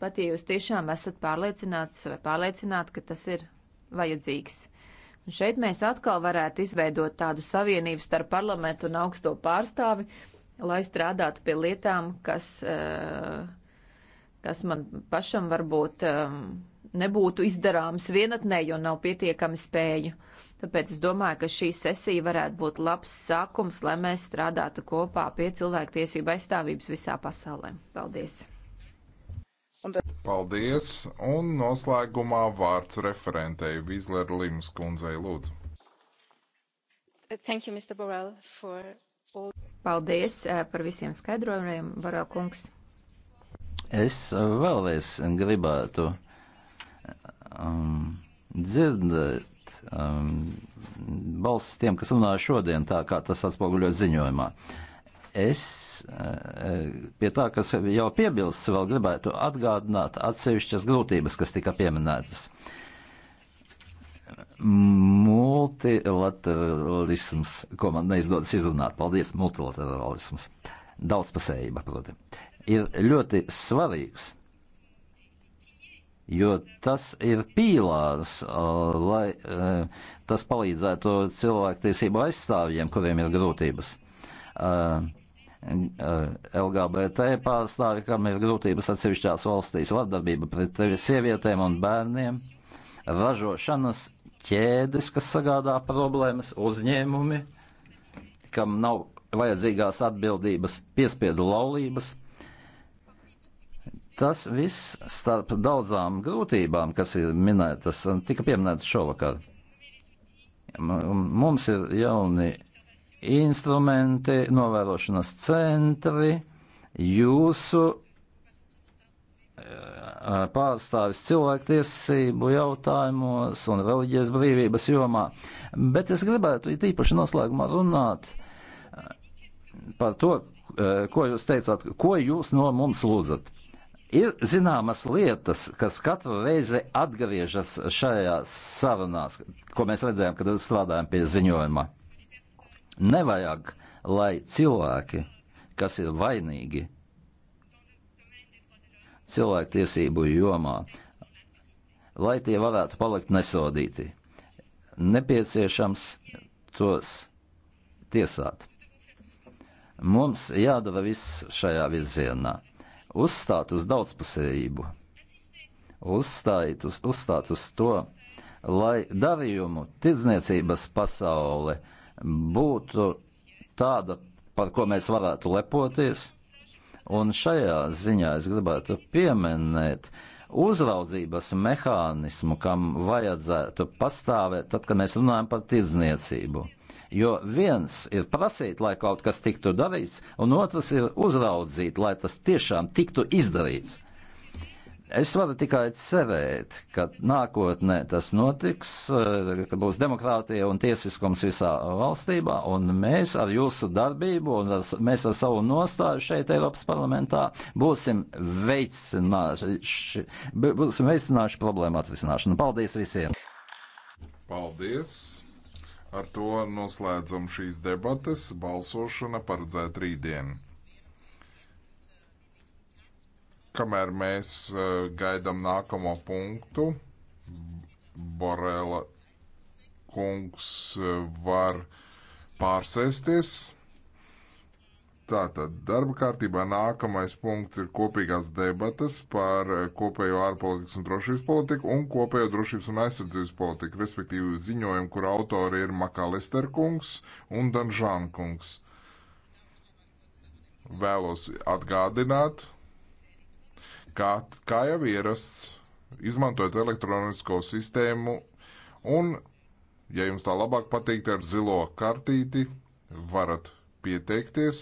pat ja jūs tiešām esat pārliecināts vai pārliecināti, ka tas ir vajadzīgs. Un šeit mēs atkal varētu izveidot tādu savienību starp parlamentu un augsto pārstāvi, lai strādātu pie lietām, kas, eh, kas man pašam varbūt eh, nebūtu izdarāms vienatnē, jo nav pietiekami spēju. Tāpēc es domāju, ka šī sesija varētu būt labs sākums, lai mēs strādātu kopā pie cilvēktiesību aizstāvības visā pasaulē. Paldies! Paldies! Un noslēgumā vārds referentei Vizler Limas kundzei lūdzu. Thank you, Mr. Borrell, for all... Paldies eh, par visiem skaidrojumiem, Borrell kungs. Es eh, vēlreiz gribētu eh, um, dzirdēt um, balsis tiem, kas runā šodien, tā kā tas atspoguļo ziņojumā. Uh, Es eh, pie tā, kas jau piebilsts, vēl gribētu atgādināt atsevišķas grūtības, kas tika pieminētas. Multilateralisms, ko man neizdodas izrunāt, paldies, multilateralisms, daudzpasējība, proti, ir ļoti svarīgs, jo tas ir pīlārs, eh, lai eh, tas palīdzētu cilvēktiesību aizstāvjiem, kuriem ir grūtības. Uh, Uh, LGBT pārstāvi, kam ir grūtības atsevišķās valstīs, vardarbība pret sievietēm un bērniem, ražošanas ķēdes, kas sagādā problēmas, uzņēmumi, kam nav vajadzīgās atbildības, piespiedu laulības. Tas viss starp daudzām grūtībām, kas ir minētas un tika pieminētas šovakar. Mums ir jauni instrumenti, novērošanas centri, jūsu eh, pārstāvis cilvēktiesību jautājumos un reliģijas brīvības jomā. Bet es gribētu īpaši noslēgumā runāt eh, par to, eh, ko jūs teicāt, ko jūs no mums lūdzat. Ir zināmas lietas, kas katru reizi atgriežas šajās sarunās, ko mēs redzējām, kad strādājām pie ziņojuma. Nevajag, lai cilvēki, kas ir vainīgi cilvēktiesību jomā, lai tie varētu palikt nesodīti. Nepieciešams tos tiesāt. Mums jādara viss šajā virzienā. Uzstāt uz daudzpusējību, uzstāt uz, uzstāt uz to, lai darījumu tirdzniecības pasaule uh, būtu tāda, par ko mēs varētu lepoties. Un šajā ziņā es gribētu pieminēt uzraudzības mehānismu, kam vajadzētu pastāvēt, tad, kad mēs runājam par tirdzniecību. Jo viens ir prasīt, lai kaut kas tiktu darīts, un otrs ir uzraudzīt, lai tas tiešām tiktu izdarīts. Es varu tikai cerēt, ka nākotnē tas notiks, eh, ka būs demokrātija un tiesiskums visā valstībā, un mēs ar jūsu darbību un ar, mēs ar savu nostāju šeit Eiropas parlamentā būsim veicināši, būsim veicināši problēmu atrisināšanu. Paldies visiem! Paldies! Ar to noslēdzam šīs debates. Balsošana paredzēta rītdien kamēr mēs e, gaidām nākamo punktu, Borela kungs e, var pārsēsties. Tātad darba kārtībā nākamais punkts ir kopīgās debatas par e, kopējo ārpolitikas un drošības politiku un kopējo drošības un aizsardzības politiku, respektīvi ziņojumu, kur autori ir Makalister kungs un Danžān kungs. Vēlos atgādināt, kā, kā jau ierasts, izmantojot elektronisko sistēmu un, ja jums tā labāk patīk, ar zilo kartīti varat pieteikties.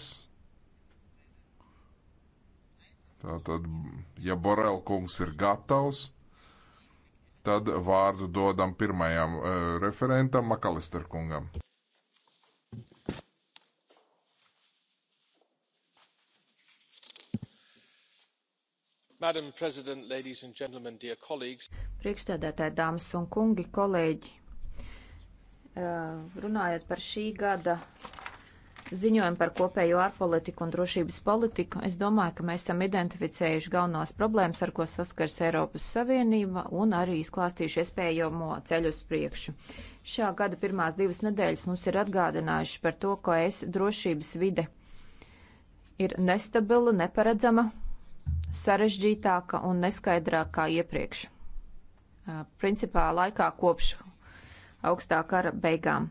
Tātad, ja Borel kungs ir gatavs, tad vārdu dodam pirmajam uh, referentam Makalister kungam. Priekšstādātāji, dāmas un kungi, kolēģi, eh, runājot par šī gada ziņojumu par kopējo ārpolitiku un drošības politiku, es domāju, ka mēs esam identificējuši galvenās problēmas, ar ko saskars Eiropas Savienība un arī izklāstījuši iespējamo ceļu uz priekšu. Šā gada pirmās divas nedēļas mums ir atgādinājuši par to, ko es drošības vide ir nestabila, neparedzama sarežģītāka un neskaidrākā iepriekš. Principā laikā kopš augstā kara beigām.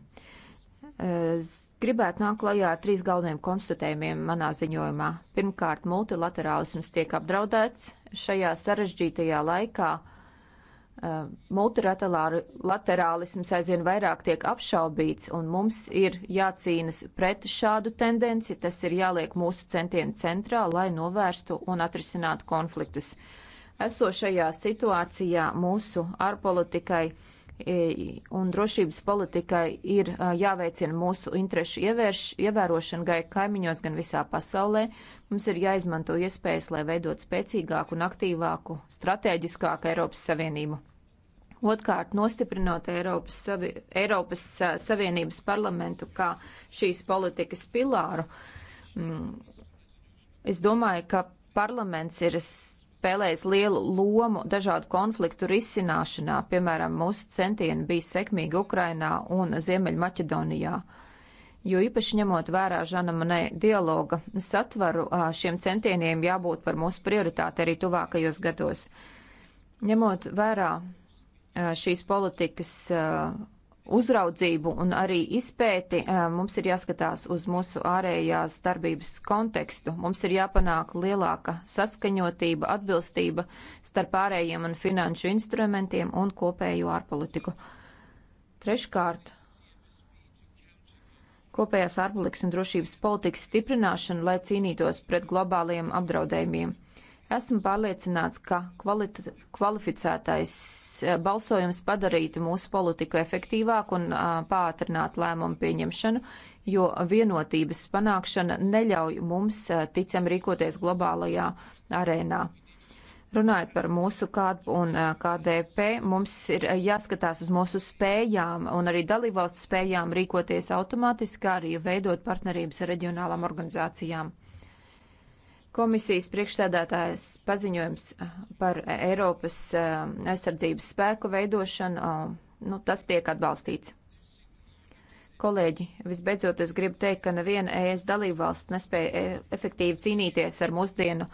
Gribētu nākt klajā ar trīs galveniem konstatējumiem manā ziņojumā. Pirmkārt, multilaterālisms tiek apdraudēts šajā sarežģītajā laikā. Uh, Eh, multilaterālisms aizvien vairāk tiek apšaubīts, un mums ir jācīnas pret šādu tendenci. Tas ir jāliek mūsu centienu centrā, lai novērstu un atrisinātu konfliktus. Esošajā situācijā mūsu ārpolitikai E, un drošības politikai ir e, jāveicina mūsu interešu ievērš, ievērošana gan kaimiņos, gan visā pasaulē. Mums ir jāizmanto iespējas, lai veidot spēcīgāku un aktīvāku, strateģiskāku Eiropas Savienību. Otkārt, nostiprinot Eiropas, savi, Eiropas e, Savienības parlamentu kā šīs politikas pilāru, mm, es domāju, ka parlaments ir spēlējis lielu lomu dažādu konfliktu risināšanā, piemēram, mūsu centieni bija sekmīgi Ukrainā un Ziemeļmaķedonijā. Jo īpaši ņemot vērā Žana Manē dialoga satvaru, šiem centieniem jābūt par mūsu prioritāti arī tuvākajos gados. Ņemot vērā šīs politikas uzraudzību un arī izpēti, eh, mums ir jāskatās uz mūsu ārējās darbības kontekstu. Mums ir jāpanāk lielāka saskaņotība, atbilstība starp ārējiem un finanšu instrumentiem un kopēju ārpolitiku. Treškārt, kopējās ārpolitikas un drošības politikas stiprināšana, lai cīnītos pret globāliem apdraudējumiem. Esmu pārliecināts, ka kvalita, kvalificētais eh, balsojums padarītu mūsu politiku efektīvāku un eh, pātrinātu lēmumu pieņemšanu, jo vienotības panākšana neļauj mums eh, ticam rīkoties globālajā arēnā. Runājot par mūsu KDP un KDP, mums ir jāskatās uz mūsu spējām un arī dalībvalstu spējām rīkoties automātiski, kā arī veidot partnerības ar reģionālām organizācijām. Komisijas priekšsēdētājas paziņojums par e, Eiropas aizsardzības spēku veidošanu, nu, tas tiek atbalstīts. Kolēģi, visbeidzot es gribu teikt, ka neviena ES dalībvalsts nespēja e, efektīvi cīnīties ar mūsdienu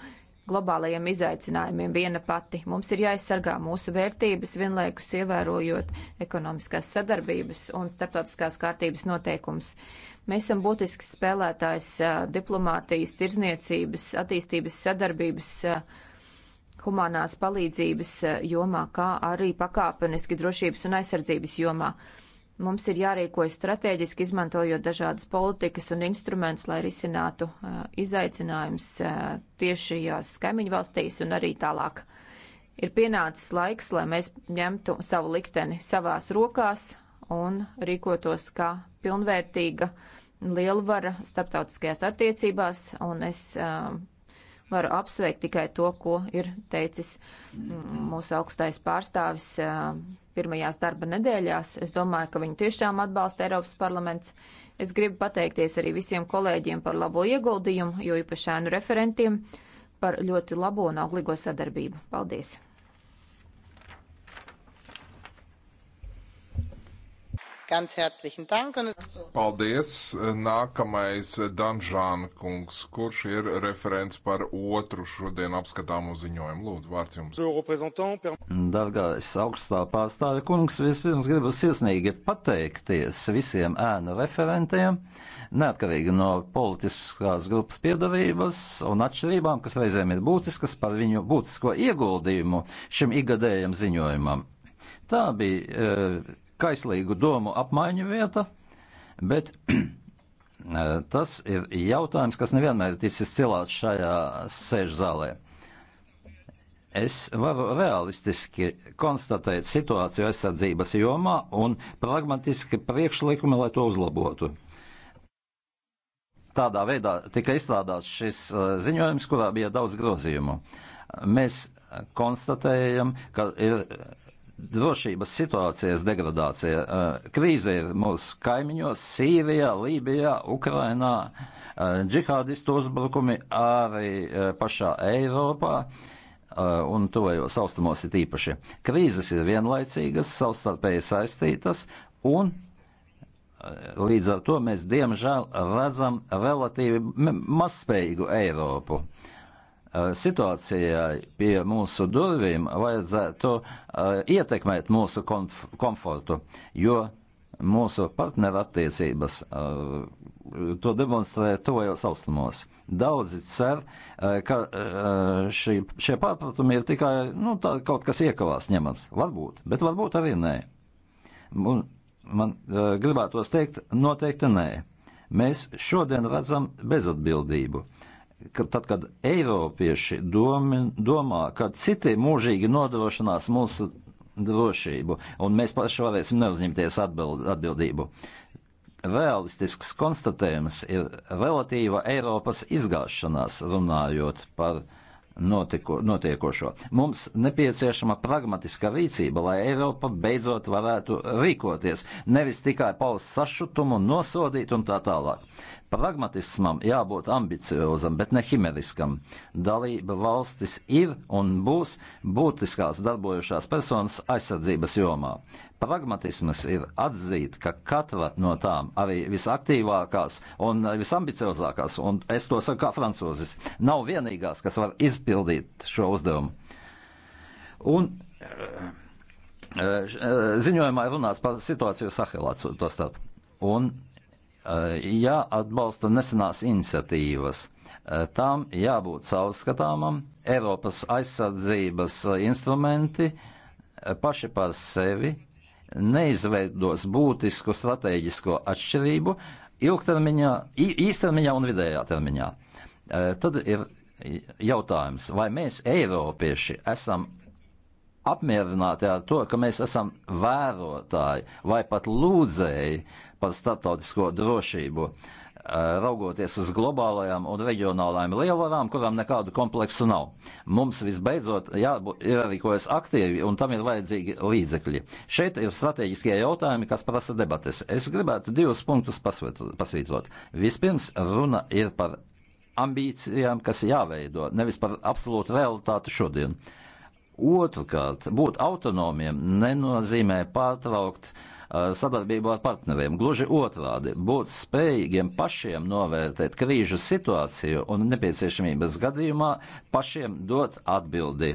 globālajiem izaicinājumiem viena pati. Mums ir jāaizsargā mūsu vērtības, vienlaikus ievērojot ekonomiskās sadarbības un starptautiskās kārtības noteikums. Mēs esam būtisks spēlētājs diplomātijas, tirzniecības, attīstības sadarbības, humanās palīdzības jomā, kā arī pakāpeniski drošības un aizsardzības jomā. Mums ir jārīkojas strateģiski, izmantojot dažādas politikas un instrumentus, lai risinātu uh, izaicinājumus uh, tieši jās kaimiņu valstīs un arī tālāk. Ir pienācis laiks, lai mēs ņemtu savu likteni savās rokās un rīkotos kā pilnvērtīga lielvara starptautiskajās attiecībās, un es uh, varu apsveikt tikai to, ko ir teicis mm, mūsu augstais pārstāvis pirmajās darba nedēļās. Es domāju, ka viņu tiešām atbalsta Eiropas parlaments. Es gribu pateikties arī visiem kolēģiem par labo ieguldījumu, jo īpašēnu referentiem par ļoti labo un auglīgo sadarbību. Paldies! Ganz herzlichen Dank. Un... Paldies. Nākamais eh, Danžāna kungs, kurš ir referents par otru šodien apskatāmo ziņojumu. Lūdzu, vārds jums. Dargais augstā pārstāve kungs, vispirms gribu sirsnīgi pateikties visiem ēnu referentiem, neatkarīgi no politiskās grupas piedavības un atšķirībām, kas reizēm ir būtiskas par viņu būtisko ieguldījumu šim igadējam ziņojumam. Tā bija. E, kaislīgu domu apmaiņu vieta, bet eh, tas ir jautājums, kas nevienmēr ir izcēlās šajā sēžzālē. Es varu realistiski konstatēt situāciju aizsardzības jomā un pragmatiski priekšlikumi, lai to uzlabotu. Tādā veidā tika izstrādāts šis eh, ziņojums, kurā bija daudz grozījumu. Mēs konstatējam, ka ir drošības situācijas degradācija. Krīze ir mūsu kaimiņos - Sīrijā, Lībijā, Ukrainā, džihādistu uzbrukumi arī pašā Eiropā. Un tuvējos austrumos ir īpaši. Krīzes ir vienlaicīgas, savstarpēji saistītas, un līdz ar to mēs diemžēl redzam relatīvi mazspējīgu Eiropu situācijai pie mūsu durvīm vajadzētu ietekmēt mūsu konf komfortu, jo mūsu partnerattiecības to demonstrē tuvajos austrumos. Daudzi cer, ka šī, šie pārpratumi ir tikai nu, tā, kaut kas iekavās ņemams. Varbūt, bet varbūt arī nē. Man, man gribētos teikt, noteikti nē. Mēs šodien redzam bezatbildību. Uh, ka tad, kad Eiropieši domi, domā, ka citi mūžīgi nodošanās mūsu drošību, un mēs paši varēsim neuzņemties atbild, atbildību. Realistisks konstatējums ir relatīva Eiropas izgāšanās, runājot par notiko, notiekošo. Mums nepieciešama pragmatiska rīcība, lai Eiropa beidzot varētu rīkoties, nevis tikai paust sašutumu, nosodīt un tā tālāk. Pragmatismam jābūt ambiciozam, bet ne himeriskam. Dalība valstis ir un būs būtiskās darbojušās personas aizsardzības jomā. Pragmatisms ir atzīt, ka katra no tām, arī visaktīvākās un visambiciozākās, un es to saku kā francūzis, nav vienīgās, kas var izpildīt šo uzdevumu. Un, eh, eh, ziņojumā runās par situāciju Sahelā to starp. Un Eh, jāatbalsta nesenās iniciatīvas. Eh, Tām jābūt caurskatāmam, Eiropas aizsardzības eh, instrumenti paši par sevi neizveidos būtisku strateģisko atšķirību ilgtermiņā, īstermiņā un vidējā termiņā. Tad ir jautājums, vai mēs, Eiropieši, esam apmierināti ar to, ka mēs esam vērotāji vai pat lūdzēji par starptautisko drošību, eh, raugoties uz globālajām un reģionālajām lielvarām, kurām nekādu kompleksu nav. Mums visbeidzot jābūt, ir arī ko es aktīvi, un tam ir vajadzīgi līdzekļi. Šeit ir strateģiskie jautājumi, kas prasa debates. Es gribētu divus punktus pasvītrot. Vispirms runa ir par ambīcijām, kas jāveido, nevis par absolūtu realitāti šodien. Uh, Otrkārt, būt autonomiem nenozīmē pārtraukt uh, sadarbību ar partneriem. Gluži otrādi, būt spējīgiem pašiem novērtēt krīžu situāciju un nepieciešamības gadījumā pašiem dot atbildi,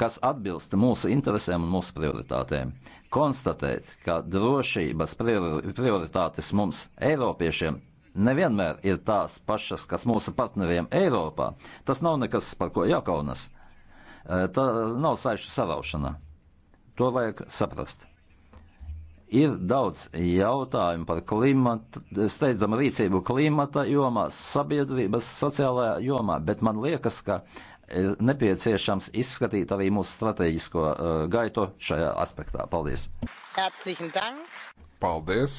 kas atbilst mūsu interesēm un mūsu prioritātēm. Konstatēt, ka drošības priori prioritātes mums, Eiropiešiem, nevienmēr ir tās pašas, kas mūsu partneriem Eiropā, tas nav nekas, par ko jākaunas Eh, tā nav saišu saraušana. To vajag saprast. Ir daudz jautājumu par klimata, steidzamu rīcību klimata jomā, sabiedrības sociālajā jomā, bet man liekas, ka ir eh, nepieciešams izskatīt arī mūsu strateģisko uh, gaitu šajā aspektā. Paldies! Paldies!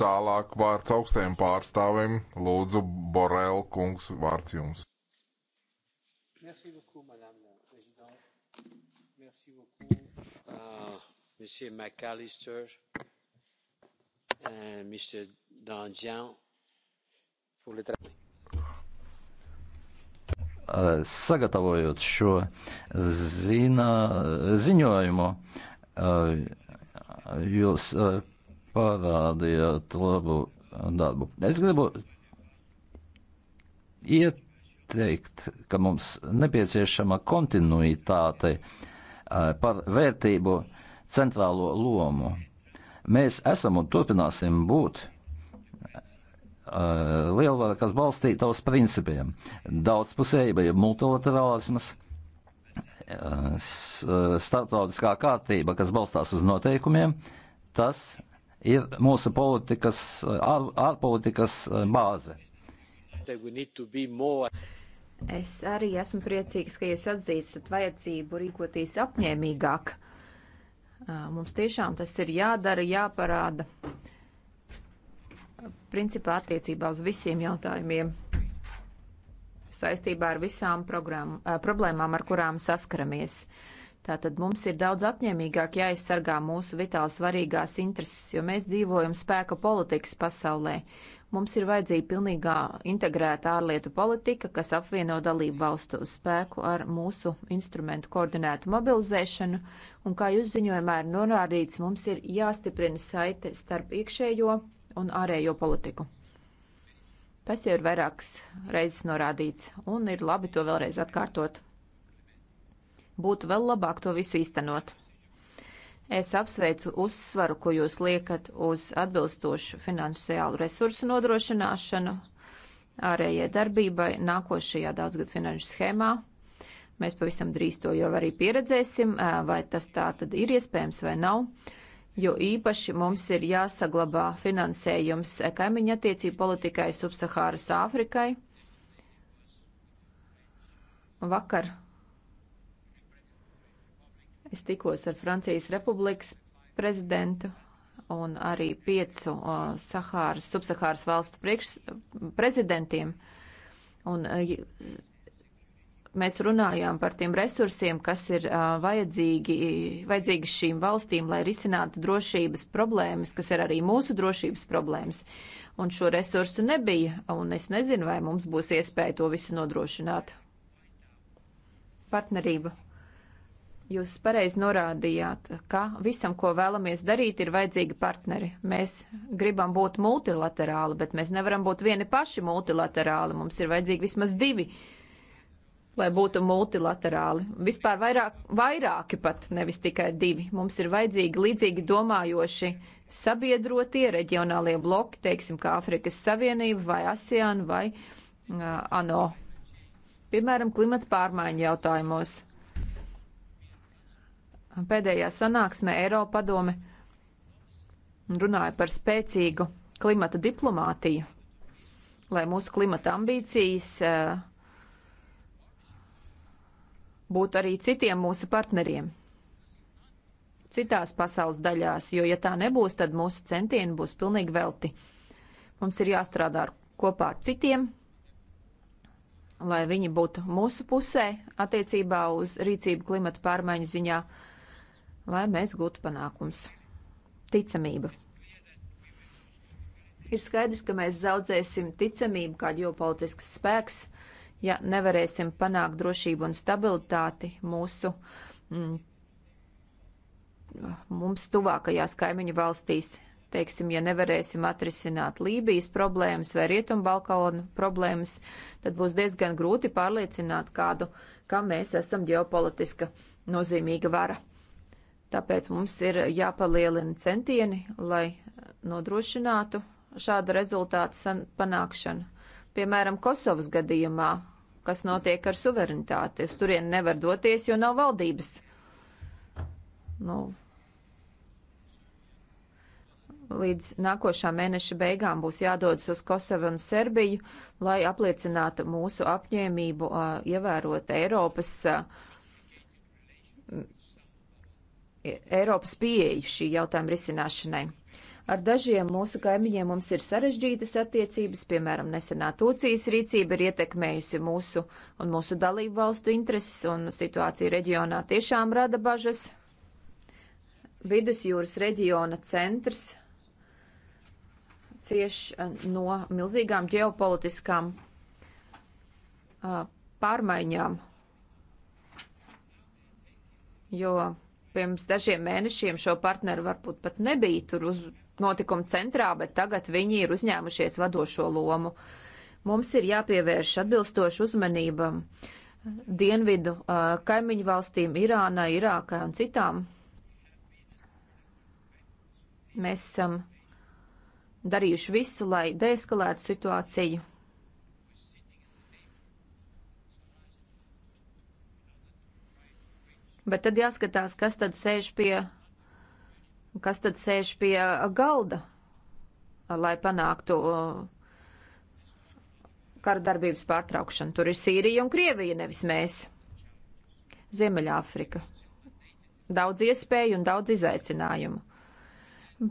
Tālāk vārds augstiem pārstāvim, lūdzu, Borel kungs, vārds jums. Merci beaucoup, Madame la Présidente. Merci beaucoup, uh, Monsieur McAllister, uh, Mr. Danjian, pour le travail. Euh, sagatavojot šo zina, ziņojumu, uh, jūs uh, parādījāt labu darbu. Es gribu iet teikt, ka mums nepieciešama kontinuitāte eh, par vērtību centrālo lomu. Mēs esam un turpināsim būt eh, lielvara, kas balstīta uz principiem - daudzpusējība, multilaterālisms, eh, starptautiskā kārtība, kas balstās uz noteikumiem. Tas ir mūsu politikas, ārpolitikas bāze. Es arī esmu priecīgs, ka jūs atzīstat vajadzību rīkoties apņēmīgāk. Mums tiešām tas ir jādara, jāparāda. Principā attiecībā uz visiem jautājumiem saistībā ar visām problēmām, ar kurām saskaramies. Tātad mums ir daudz apņēmīgāk jāaizsargā mūsu vitāli svarīgās intereses, jo mēs dzīvojam spēka politikas pasaulē. Uh, Mums ir vajadzīga pilnīgā integrēta ārlietu politika, kas apvieno dalību valstu spēku ar mūsu instrumentu koordinētu mobilizēšanu, un kā jūs ziņojumā ir norādīts, mums ir jāstiprina saite starp iekšējo un ārējo politiku. Tas jau ir vairākas reizes norādīts, un ir labi to vēlreiz atkārtot. Būtu vēl labāk to visu īstenot. Es apsveicu uzsvaru, ko jūs liekat uz atbilstošu finansiālu resursu nodrošināšanu ārējai darbībai nākošajā daudzgad finanšu schēmā. Mēs pavisam drīz to jau arī pieredzēsim, vai tas tā tad ir iespējams vai nav, jo īpaši mums ir jāsaglabā finansējums kaimiņa attiecību politikai Subsahāras Āfrikai. Vakar Es tikos ar Francijas Republikas prezidentu un arī piecu uh, Sahāras, subsahāras valstu priekš prezidentiem. Un, uh, mēs runājām par tiem resursiem, kas ir uh, vajadzīgi, vajadzīgi šīm valstīm, lai risinātu drošības problēmas, kas ir arī mūsu drošības problēmas. Un šo resursu nebija, un es nezinu, vai mums būs iespēja to visu nodrošināt. Partnerība Jūs pareizi norādījāt, ka visam, ko vēlamies darīt, ir vajadzīgi partneri. Mēs gribam būt multilaterāli, bet mēs nevaram būt vieni paši multilaterāli. Mums ir vajadzīgi vismaz divi, lai būtu multilaterāli. Vispār vairāk, vairāki pat, nevis tikai divi. Mums ir vajadzīgi līdzīgi domājoši sabiedrotie reģionālie bloki, teiksim, kā Afrikas Savienība vai ASEAN vai uh, ANO. Piemēram, klimata pārmaiņu jautājumos pēdējā sanāksmē Eiropa padome runāja par spēcīgu klimata diplomātiju, lai mūsu klimata ambīcijas eh, būtu arī citiem mūsu partneriem, citās pasaules daļās, jo ja tā nebūs, tad mūsu centieni būs pilnīgi velti. Mums ir jāstrādā kopā ar citiem, lai viņi būtu mūsu pusē attiecībā uz rīcību klimata pārmaiņu ziņā lai mēs gūtu panākums. Ticamība. Ir skaidrs, ka mēs zaudēsim ticamību kā ģeopolitisks spēks, ja nevarēsim panākt drošību un stabilitāti mūsu mm, mums tuvākajās kaimiņu valstīs. Teiksim, ja nevarēsim atrisināt Lībijas problēmas vai Rietumbalkonu problēmas, tad būs diezgan grūti pārliecināt kādu, ka mēs esam ģeopolitiska nozīmīga vara. Tāpēc mums ir jāpalielina centieni, lai nodrošinātu šādu rezultātu panākšanu. Piemēram, Kosovas gadījumā, kas notiek ar suverenitāti, uz turien nevar doties, jo nav valdības. Nu, līdz nākošā mēneša beigām būs jādodas uz Kosovu un Serbiju, lai apliecinātu mūsu apņēmību uh, ievērot Eiropas uh, Eiropas pieeju šī jautājuma risināšanai. Ar dažiem mūsu kaimiņiem mums ir sarežģītas attiecības, piemēram, nesenā Turcijas rīcība ir ietekmējusi mūsu un mūsu dalību valstu intereses, un situācija reģionā tiešām rada bažas. Vidusjūras reģiona centrs cieš uh, no milzīgām ģeopolitiskām uh, pārmaiņām, jo Pirms dažiem mēnešiem šo partneru varbūt pat nebija tur uz notikuma centrā, bet tagad viņi ir uzņēmušies vadošo lomu. Mums ir jāpievērš atbilstoši uzmanībam dienvidu kaimiņu valstīm, Irānai, Irākai un citām. Mēs esam darījuši visu, lai deeskalētu situāciju Bet tad jāskatās, kas tad sēž pie, kas tad sēž pie galda, lai panāktu uh, kara darbības pārtraukšanu. Tur ir Sīrija un Krievija, nevis mēs. Ziemeļāfrika. Daudz iespēju un daudz izaicinājumu.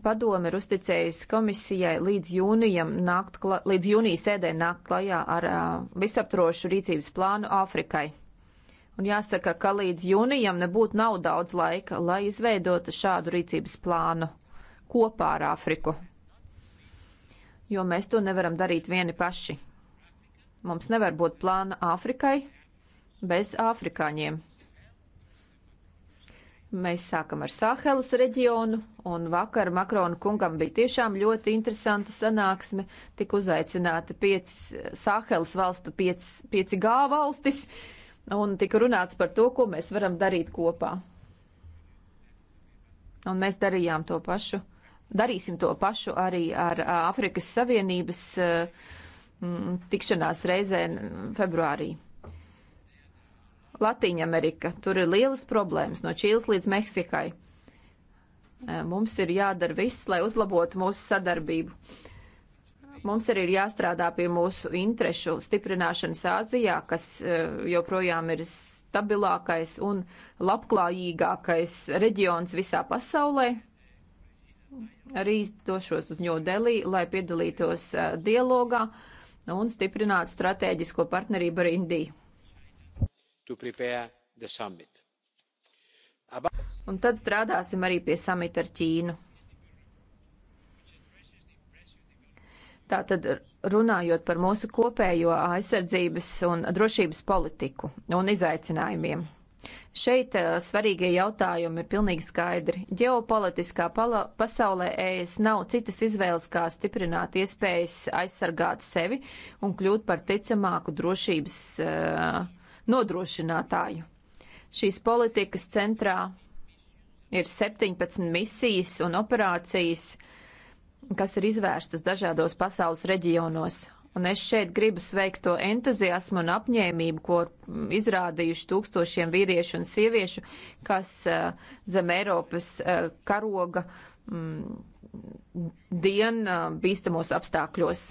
Padome ir uzticējusi komisijai līdz, jūnijam nākt, līdz jūnijas sēdē nākt klajā ar uh, visaptrošu rīcības plānu Āfrikai. Un jāsaka, ka līdz jūnijam nebūtu nav daudz laika, lai izveidotu šādu rīcības plānu kopā ar Āfriku. Jo mēs to nevaram darīt vieni paši. Mums nevar būt plāna Āfrikai bez afrikāņiem. Mēs sākam ar Sāhelas reģionu, un vakar Makrona kungam bija tiešām ļoti interesanta sanāksme. Tik uzaicināti pieci Sāhelas valstu pieci, pieci G valstis. Uh, un tika runāts par to, ko mēs varam darīt kopā. Un mēs darījām to pašu, darīsim to pašu arī ar Afrikas Savienības tikšanās reizē februārī. Latīņa Amerika, tur ir lielas problēmas no Čīles līdz Meksikai. Mums ir jādara viss, lai uzlabotu mūsu sadarbību. Mums arī ir jāstrādā pie mūsu interešu stiprināšanas Āzijā, kas eh, joprojām ir stabilākais un labklājīgākais reģions visā pasaulē. Arī došos uz Ņūdelī, lai piedalītos eh, dialogā un stiprinātu strateģisko partnerību ar Indiju. Un tad strādāsim arī pie samita ar Ķīnu. Tātad runājot par mūsu kopējo aizsardzības un drošības politiku un izaicinājumiem. Šeit eh, svarīgie jautājumi ir pilnīgi skaidri. Ģeopolitiskā pasaulē ES nav citas izvēles, kā stiprināt iespējas aizsargāt sevi un kļūt par ticamāku drošības uh, nodrošinātāju. Šīs politikas centrā ir 17 misijas un operācijas, uh, kas ir izvērstas dažādos pasaules reģionos. Un es šeit gribu sveikt to entuziasmu un apņēmību, ko izrādījuši tūkstošiem vīriešu un sieviešu, kas uh, zem Eiropas uh, karoga mm, dien uh, bīstamos apstākļos.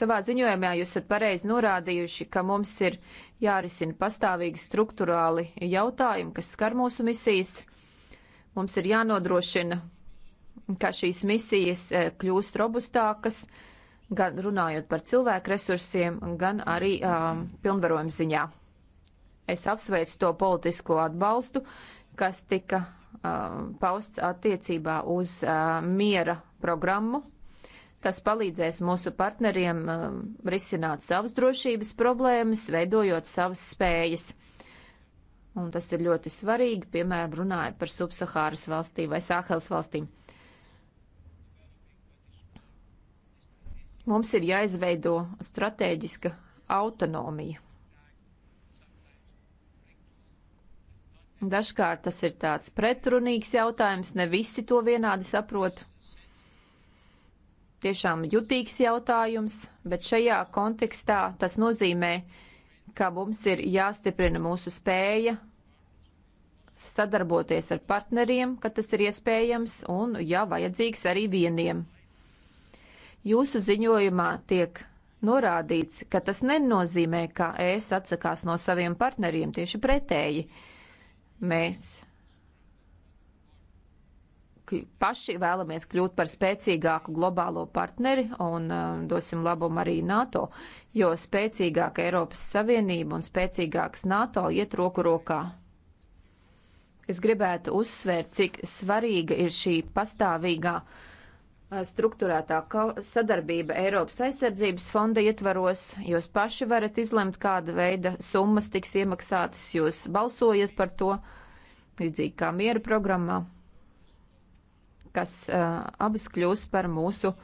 Savā ziņojumā jūs esat pareizi norādījuši, ka mums ir jārisina pastāvīgi struktūrāli jautājumi, kas skar mūsu misijas. Mums ir jānodrošina ka šīs misijas eh, kļūst robustākas, gan runājot par cilvēku resursiem, gan arī um, pilnvarojumu ziņā. Es apsveicu to politisko atbalstu, kas tika um, pausts attiecībā uz uh, miera programmu. Tas palīdzēs mūsu partneriem um, risināt savas drošības problēmas, veidojot savas spējas. Un tas ir ļoti svarīgi, piemēram, runājot par subsahāras valstīm vai Sāhels valstīm. Mums ir jāizveido strateģiska autonomija. Dažkārt tas ir tāds pretrunīgs jautājums, ne visi to vienādi saprot. Tiešām jutīgs jautājums, bet šajā kontekstā tas nozīmē, ka mums ir jāstiprina mūsu spēja sadarboties ar partneriem, kad tas ir iespējams, un, ja vajadzīgs, arī vieniem. Jūsu ziņojumā tiek norādīts, ka tas nenozīmē, ka ES atsakās no saviem partneriem tieši pretēji. Mēs paši vēlamies kļūt par spēcīgāku globālo partneri un uh, dosim labumu arī NATO, jo spēcīgāka Eiropas Savienība un spēcīgāks NATO iet roku rokā. Es gribētu uzsvērt, cik svarīga ir šī pastāvīgā uh, Eh, strukturētā sadarbība Eiropas aizsardzības fonda ietvaros. Jūs paši varat izlemt, kāda veida summas tiks iemaksātas. Jūs balsojat par to, līdzīgi kā miera programmā, kas uh, abas kļūs par mūsu uh,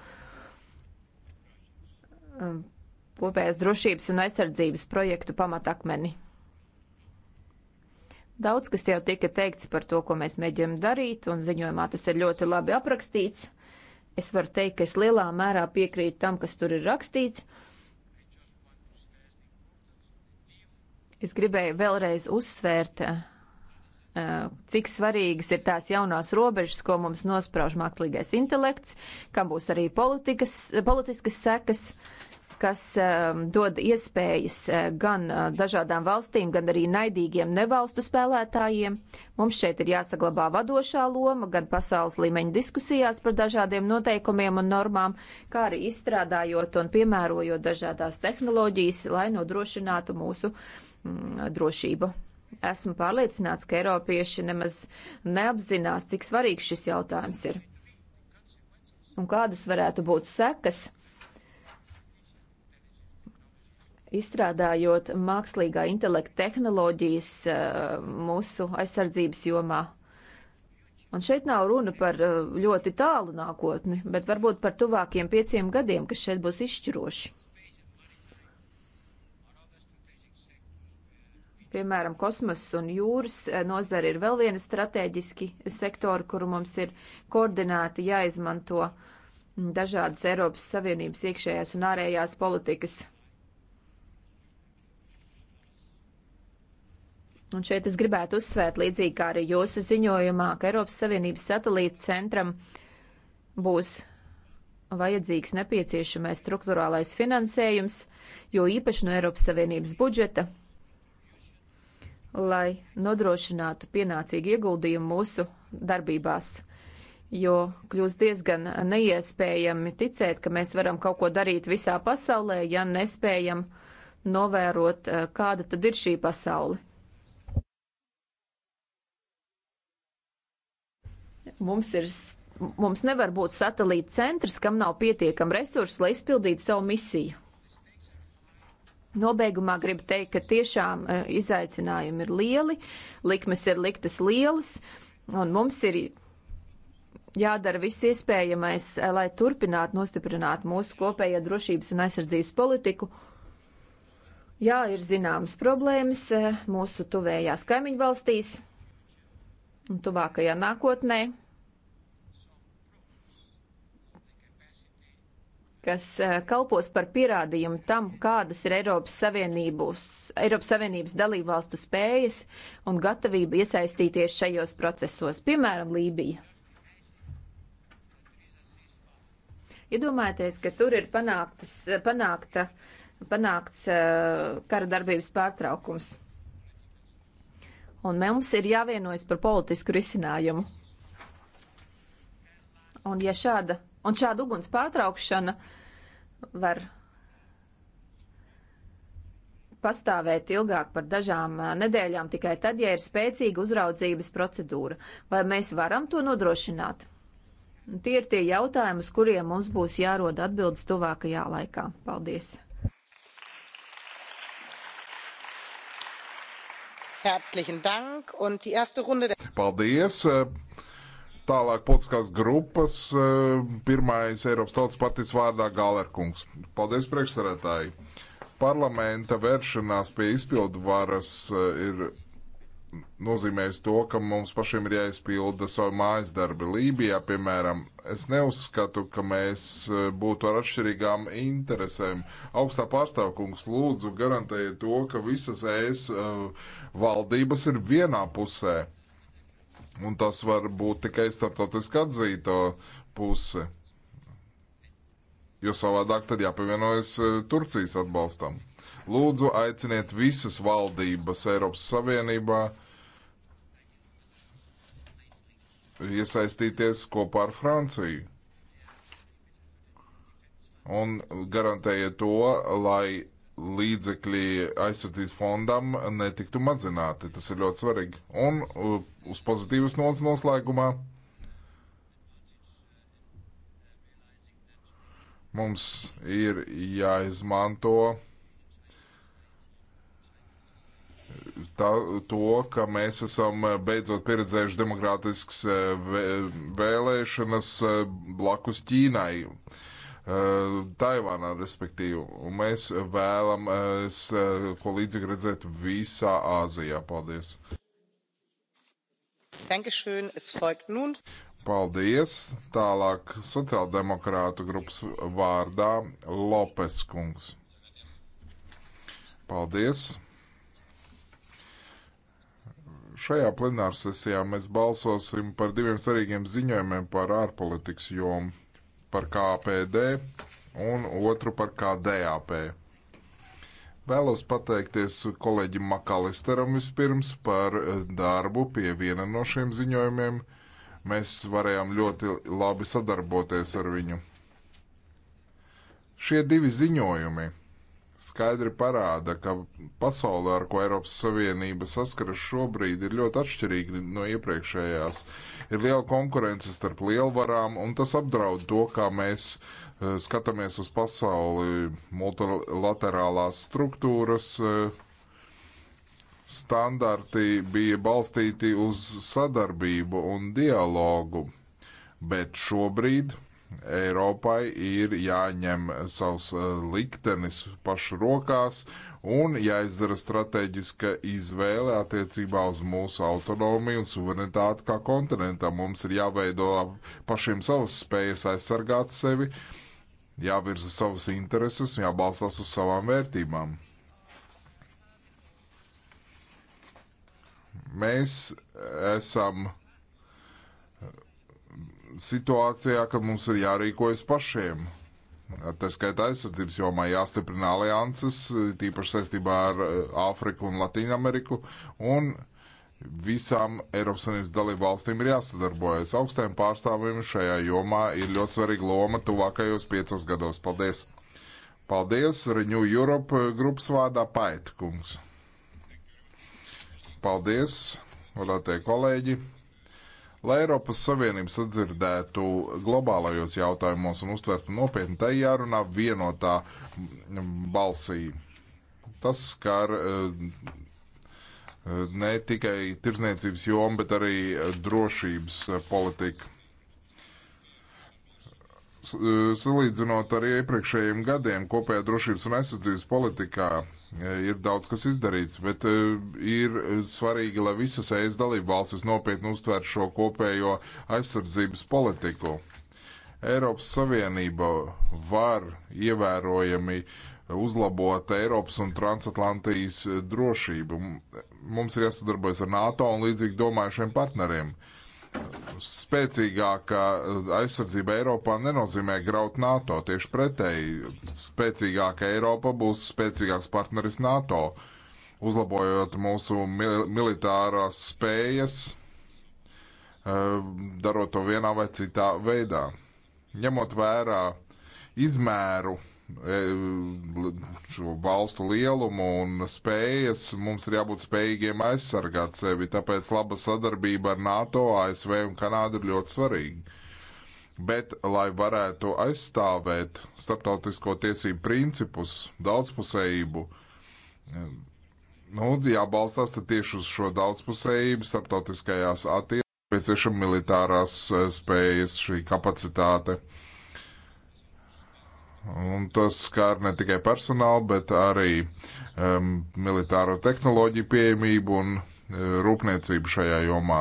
kopējās drošības un aizsardzības projektu pamatakmeni. Daudz kas jau tika teikts par to, ko mēs mēģinām darīt, un ziņojumā tas ir ļoti labi aprakstīts. Es varu teikt, ka es lielā mērā piekrītu tam, kas tur ir rakstīts. Es gribēju vēlreiz uzsvērt, eh, cik svarīgas ir tās jaunās robežas, ko mums nosprauž mākslīgais intelekts, kam būs arī politikas, eh, politiskas sekas kas um, dod iespējas uh, gan uh, dažādām valstīm, gan arī naidīgiem nevalstu spēlētājiem. Mums šeit ir jāsaglabā vadošā loma gan pasaules līmeņa diskusijās par dažādiem noteikumiem un normām, kā arī izstrādājot un piemērojot dažādās tehnoloģijas, lai nodrošinātu mūsu mm, drošību. Esmu pārliecināts, ka Eiropieši nemaz neapzinās, cik svarīgs šis jautājums ir. Un kādas varētu būt sekas izstrādājot mākslīgā intelekta tehnoloģijas eh, mūsu aizsardzības jomā. Un šeit nav runa par eh, ļoti tālu nākotni, bet varbūt par tuvākiem pieciem gadiem, kas šeit būs izšķiroši. Piemēram, kosmosa un jūras eh, nozara ir vēl viena strateģiski sektori, kuru mums ir koordināti jāizmanto dažādas Eiropas Savienības iekšējās un ārējās politikas Un šeit es gribētu uzsvērt, līdzīgi kā arī jūsu ziņojumā, ka Eiropas Savienības satelītu centram būs vajadzīgs nepieciešamais struktūrālais finansējums, jo īpaši no Eiropas Savienības budžeta, lai nodrošinātu pienācīgu ieguldījumu mūsu darbībās jo kļūs diezgan neiespējami ticēt, ka mēs varam kaut ko darīt visā pasaulē, ja nespējam novērot, eh, kāda tad ir šī pasaule. mums ir. Mums nevar būt satelīta centrs, kam nav pietiekami resursi, lai izpildītu savu misiju. Nobeigumā gribu teikt, ka tiešām eh, izaicinājumi ir lieli, likmes ir liktas lielas, un mums ir jādara viss iespējamais, eh, lai turpinātu nostiprināt mūsu kopējo drošības un aizsardzības politiku. Jā, ir zināmas problēmas eh, mūsu tuvējās kaimiņvalstīs un tuvākajā nākotnē. kas eh, kalpos par pierādījumu tam, kādas ir Eiropas Savienības, Eiropas Savienības dalībvalstu spējas un gatavība iesaistīties šajos procesos, piemēram, Lībija. Iedomājieties, ka tur ir panāktas, eh, panākta, panākts eh, kara darbības pārtraukums. Un mums ir jāvienojas par politisku risinājumu. Un ja šāda Un šāda uguns pārtraukšana var pastāvēt ilgāk par dažām nedēļām tikai tad, ja ir spēcīga uzraudzības procedūra. Vai mēs varam to nodrošināt? Un tie ir tie jautājumi, uz kuriem mums būs jārod atbildes tuvākajā laikā. Paldies! Herzlichen Dank und die erste Runde der Paldies! Tālāk politiskās grupas, eh, pirmais Eiropas Tautas partijas vārdā Gālerkungs. Paldies, priekšsarētāji! Parlamenta vēršanās pie izpildu varas eh, ir nozīmējis to, ka mums pašiem ir jāizpilda savu mājas darbi. Lībijā, piemēram, es neuzskatu, ka mēs eh, būtu ar atšķirīgām interesēm. Augstā pārstāvkungs lūdzu garantēja to, ka visas ES valdības ir vienā pusē Un tas var būt tikai starptautiski atzīto puse. Jo savādāk tad jāpievienojas e, Turcijas atbalstam. Lūdzu, aiciniet visas valdības Eiropas Savienībā iesaistīties kopā ar Franciju. Un garantējiet to, lai līdzekļi aizsardzības fondam netiktu mazināti. Tas ir ļoti svarīgi. Un uh, uz pozitīvas nots noslēgumā mums ir jāizmanto tā, to, ka mēs esam beidzot pieredzējuši demokrātiskas uh, vēlēšanas uh, blakus Ķīnai. Uh, Eh, Taivānā, respektīvi, un mēs vēlamies eh, eh, ko līdzīgu redzēt visā Āzijā. Paldies! Dankeschön, es folgt nun. Paldies! Tālāk sociāldemokrātu grupas vārdā Lopes kungs. Paldies! Šajā plenārsesijā mēs balsosim par diviem svarīgiem ziņojumiem par ārpolitikas jomu par KPD un otru par KDAP. Vēlos pateikties kolēģim Makalisteram vispirms par eh, darbu pie viena no šiem ziņojumiem. Mēs varējām ļoti labi sadarboties ar viņu. Šie divi ziņojumi skaidri parāda, ka pasaule, ar ko Eiropas Savienība saskaras šobrīd, ir ļoti atšķirīga no iepriekšējās. Ir liela konkurence starp lielvarām, un tas apdraud to, kā mēs eh, skatāmies uz pasauli, multilaterālās struktūras. Eh, standarti bija balstīti uz sadarbību un dialogu, bet šobrīd Eiropai ir jāņem savs uh, liktenis pašu rokās un jāizdara strateģiska izvēle attiecībā uz mūsu autonomiju un suverenitāti kā kontinentam. Mums ir jāveido pašiem savas spējas aizsargāt sevi, jāvirza savas intereses un jābalstās uz savām vērtībām. Mēs esam situācijā, ka mums ir jārīkojas pašiem. Tā skaitā aizsardzības jomā jāstiprina alianses, tīpaši saistībā ar eh, Āfriku un Latīņu Ameriku, un visām Eiropas Savienības dalību valstīm ir jāsadarbojas. Augstiem pārstāvjiem šajā jomā ir ļoti svarīga loma tuvākajos piecos gados. Paldies! Paldies! Renew Europe eh, grupas vārdā Paita kungs. Paldies, varētu teikt, kolēģi! Lai Eiropas Savienība sadzirdētu globālajos jautājumos un uztvertu nopietni, tai jārunā vienotā balsī. Tas skar eh, ne tikai tirzniecības jomu, bet arī eh, drošības eh, politiku. Salīdzinot ar iepriekšējiem gadiem, kopējā drošības un aizsardzības politikā Eh, ir daudz kas izdarīts, bet eh, ir eh, svarīgi, lai visas ES dalību valstis nopietni uztver šo kopējo aizsardzības politiku. Eiropas Savienība var ievērojami uzlabot Eiropas un transatlantijas drošību. Mums ir jāsadarbojas ar NATO un līdzīgi domājušiem partneriem. Uh, spēcīgāka aizsardzība Eiropā nenozīmē graut NATO. Tieši pretēji, spēcīgāka Eiropa būs spēcīgāks partneris NATO, uzlabojot mūsu mil militārās spējas, eh, darot to vienā vai citā veidā. Ņemot vērā izmēru E, šo valstu lielumu un spējas, mums ir jābūt spējīgiem aizsargāt sevi. Tāpēc laba sadarbība ar NATO, ASV un Kanādu ir ļoti svarīga. Bet, lai varētu aizstāvēt starptautisko tiesību principus, daudzpusējību, e, nu, jābalstās tieši uz šo daudzpusējību starptautiskajās attiecībās, nepieciešama militārās e, spējas, šī kapacitāte. Un tas skar ne tikai personālu, bet arī um, militāro tehnoloģiju pieejamību un uh, rūpniecību šajā jomā.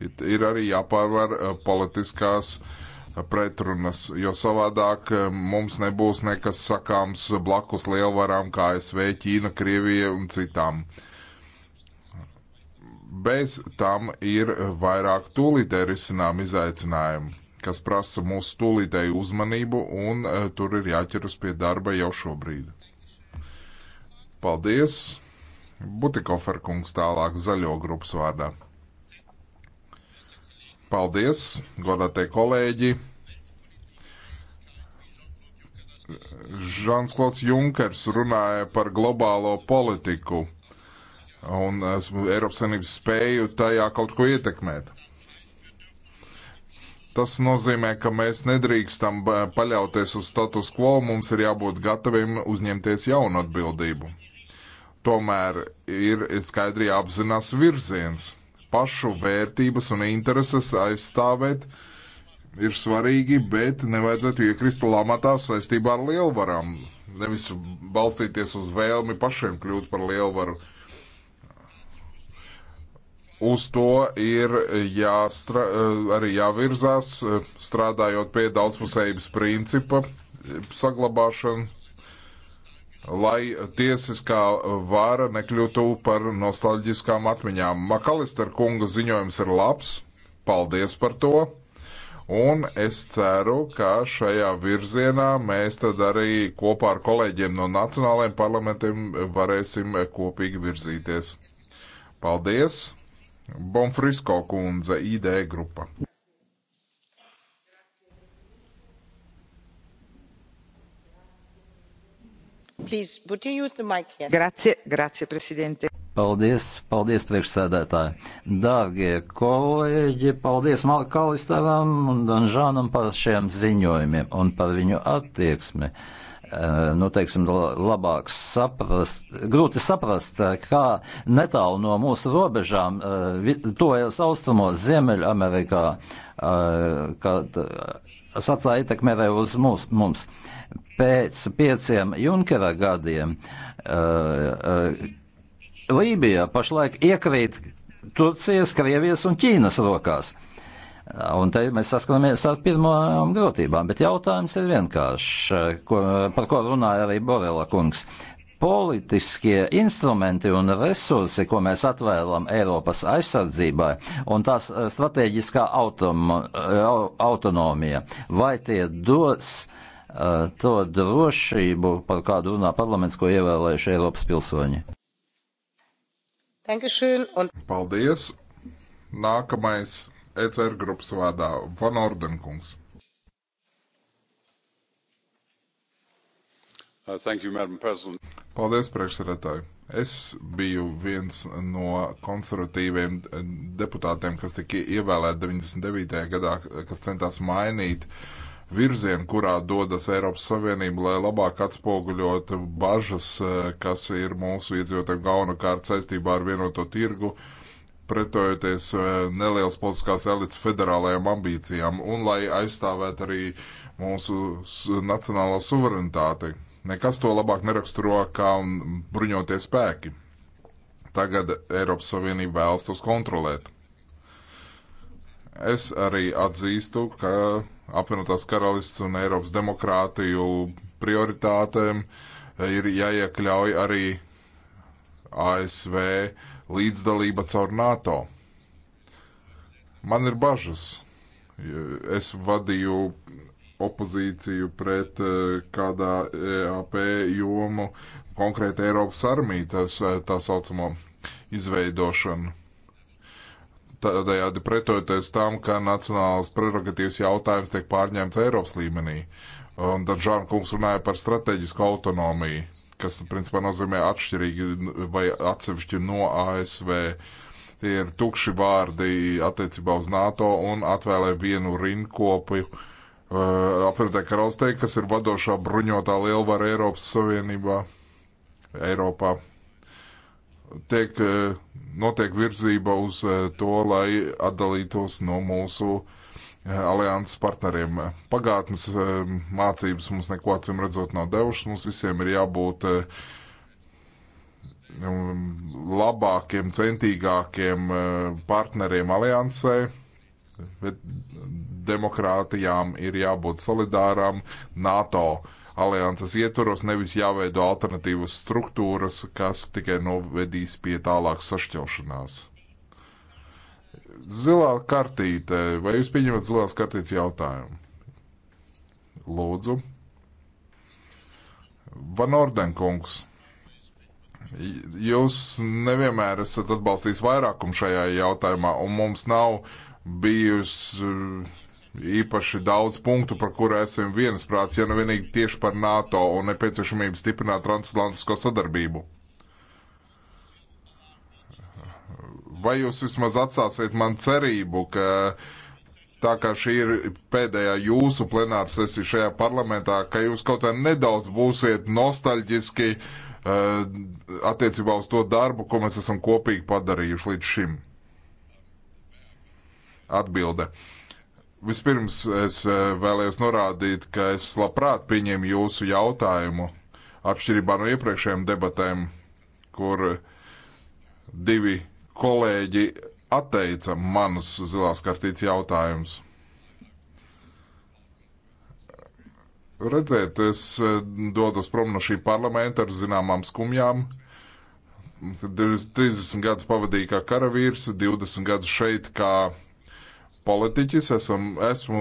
It, ir arī jāpārvar uh, politiskās uh, pretrunas, jo savādāk uh, mums nebūs nekas sakāms blakus lielvarām kā ASV, Ķīna, Krievija un citām. Bez tam ir vairāk tūlītē risinām izaicinājumu kas prasa mūsu tūlītēju uzmanību, un uh, tur ir jāķeras pie darba jau šobrīd. Paldies! Butikoferkungs tālāk zaļo grupas vārdā. Paldies, godātie kolēģi! Žants Klods Junkers runāja par globālo politiku un e, Eiropas Savienības spēju tajā kaut ko ietekmēt. Tas nozīmē, ka mēs nedrīkstam paļauties uz status quo, mums ir jābūt gataviem uzņemties jaunu atbildību. Tomēr ir skaidri jāapzinās virziens, pašu vērtības un intereses aizstāvēt, ir svarīgi, bet nevajadzētu iekrist lamatā saistībā ar lielvarām. Nevis balstīties uz vēlmi pašiem kļūt par lielvaru. Uz to ir jāstra, eh, arī jāvirzās, eh, strādājot pie daudzpusējības principa eh, saglabāšanu, lai tiesiskā vara nekļūtu par nostalģiskām atmiņām. Makalister kunga ziņojums ir labs, paldies par to, un es ceru, ka šajā virzienā mēs tad arī kopā ar kolēģiem no nacionālajiem parlamentiem varēsim kopīgi virzīties. Paldies! Bonfrisko kundze, ID grupa. Please, yes. Grazie, grazie, prezidente. Paldies, paldies priekšsēdētāji. Dārgie kolēģi, paldies Malkalistavam un Danžānam par šiem ziņojumiem un par viņu attieksmi. Uh, Eh, nu, teiksim, labāk saprast, grūti saprast, eh, kā netālu no mūsu robežām, eh, tojas austrumos, Ziemeļamerikā, kad sacā ietekmē arī uz mūs, mums. Pēc pieciem Junkera gadiem Lībija pašlaik iekrīt Turcijas, Krievijas un Ķīnas rokās. Un te mēs saskaramies ar pirmām grūtībām, bet jautājums ir vienkāršs, ko, par ko runāja arī Borela kungs. Politiskie instrumenti un resursi, ko mēs atvēlam Eiropas aizsardzībai, un tās eh, strateģiskā autom, eh, autonomija, vai tie dos uh, to drošību, par kādu runā parlaments, ko ievēlējuši Eiropas pilsoņi? Paldies! Nākamais ECR grupas vārdā Van Ordenkungs. Uh, thank you, Madam President. Paldies, priekšsarētāji. Es biju viens no konservatīviem deputātiem, kas tika ievēlēti 99. gadā, kas centās mainīt virzienu, kurā dodas Eiropas Savienība, lai labāk atspoguļotu bažas, eh, kas ir mūsu iedzīvotāju galvenokārt saistībā ar vienoto tirgu. Uh, pretojoties eh, nelielas politiskās elites federālajām ambīcijām un lai aizstāvētu arī mūsu nacionālo suverenitāti. Nekas to labāk neraksturo kā bruņoties spēki. Tagad Eiropas Savienība vēlas tos kontrolēt. Es arī atzīstu, ka apvienotās karalists un Eiropas demokrātiju prioritātēm ir jāiekļauj arī ASV uh, līdzdalība caur NATO. Man ir bažas. Es vadīju opozīciju pret eh, kādā EAP eh, jomu, konkrēti Eiropas armiju, tas, eh, tā saucamo izveidošanu tādējādi pretojoties tam, ka nacionālas prerogatīvas jautājums tiek pārņemts Eiropas līmenī. Un tad Žāna kungs runāja par strateģisku autonomiju kas principā nozīmē atšķirīgi vai atsevišķi no ASV. Tie ir tukši vārdi attiecībā uz NATO un atvēlē vienu rinkopu uh, apvienotā karalistē, kas ir vadošā bruņotā lielvara Eiropas Savienībā, Eiropā. Tiek, uh, notiek virzība uz uh, to, lai atdalītos no mūsu uh, alianses partneriem. Pagātnes eh, mācības mums neko acīm redzot nav devušas. Mums visiem ir jābūt eh, um, labākiem, centīgākiem eh, partneriem aliansē, bet demokrātijām ir jābūt solidārām NATO alianses ietvaros, nevis jāveido alternatīvas struktūras, kas tikai novedīs pie tālākas sašķelšanās. Zilā kartīte. Vai jūs pieņemat zilās kartītes jautājumu? Lūdzu. Van Ordenkungs. Jūs nevienmēr esat atbalstījis vairākumu šajā jautājumā, un mums nav bijusi uh, īpaši daudz punktu, par kuru esam viensprāts, ja nu vienīgi tieši par NATO un nepieciešamību stiprināt transatlantisko sadarbību. vai jūs vismaz atstāsiet man cerību, ka tā kā šī ir pēdējā jūsu plenāra sesija šajā parlamentā, ka jūs kaut kā nedaudz būsiet nostalģiski uh, attiecībā uz to darbu, ko mēs esam kopīgi padarījuši līdz šim? Atbilde. Vispirms es eh, vēlējos norādīt, ka es labprāt pieņemu jūsu jautājumu atšķirībā no iepriekšējām debatēm, kur divi kolēģi atteica manas zilās kartītes jautājumus. Redzēt, es eh, dodos prom no šī parlamenta ar zināmām skumjām. 30 gadus pavadīju kā karavīrs, 20 gadus šeit kā politiķis, esam, esmu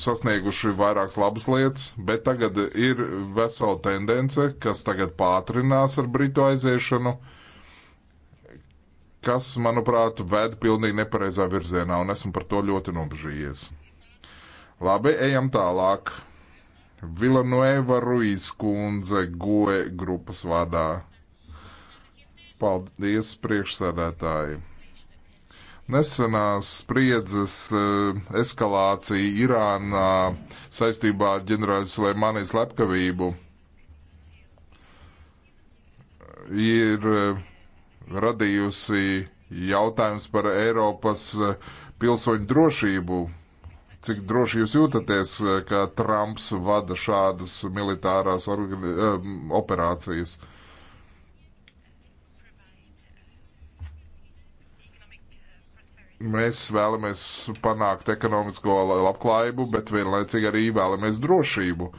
sasnieguši vairākas labas lietas, bet tagad ir vesela tendence, kas tagad pātrinās ar Britu aiziešanu. Uh, kas, manuprāt, ved pilnīgi nepareizā virzienā, un esmu par to ļoti nobežījies. Labi, ejam tālāk. Vilanueva Ruiz kundze goe grupas vadā. Paldies, priekšsēdētāji! Nesenās spriedzes eh, eskalācija Irānā saistībā ar ģenerāļu Sulēmanijas lepkavību ir eh, radījusi jautājums par Eiropas eh, pilsoņu drošību. Cik droši jūs jūtaties, eh, ka Trumps vada šādas militārās eh, operācijas? Mēs vēlamies panākt ekonomisko labklājību, bet vienlaicīgi arī vēlamies drošību.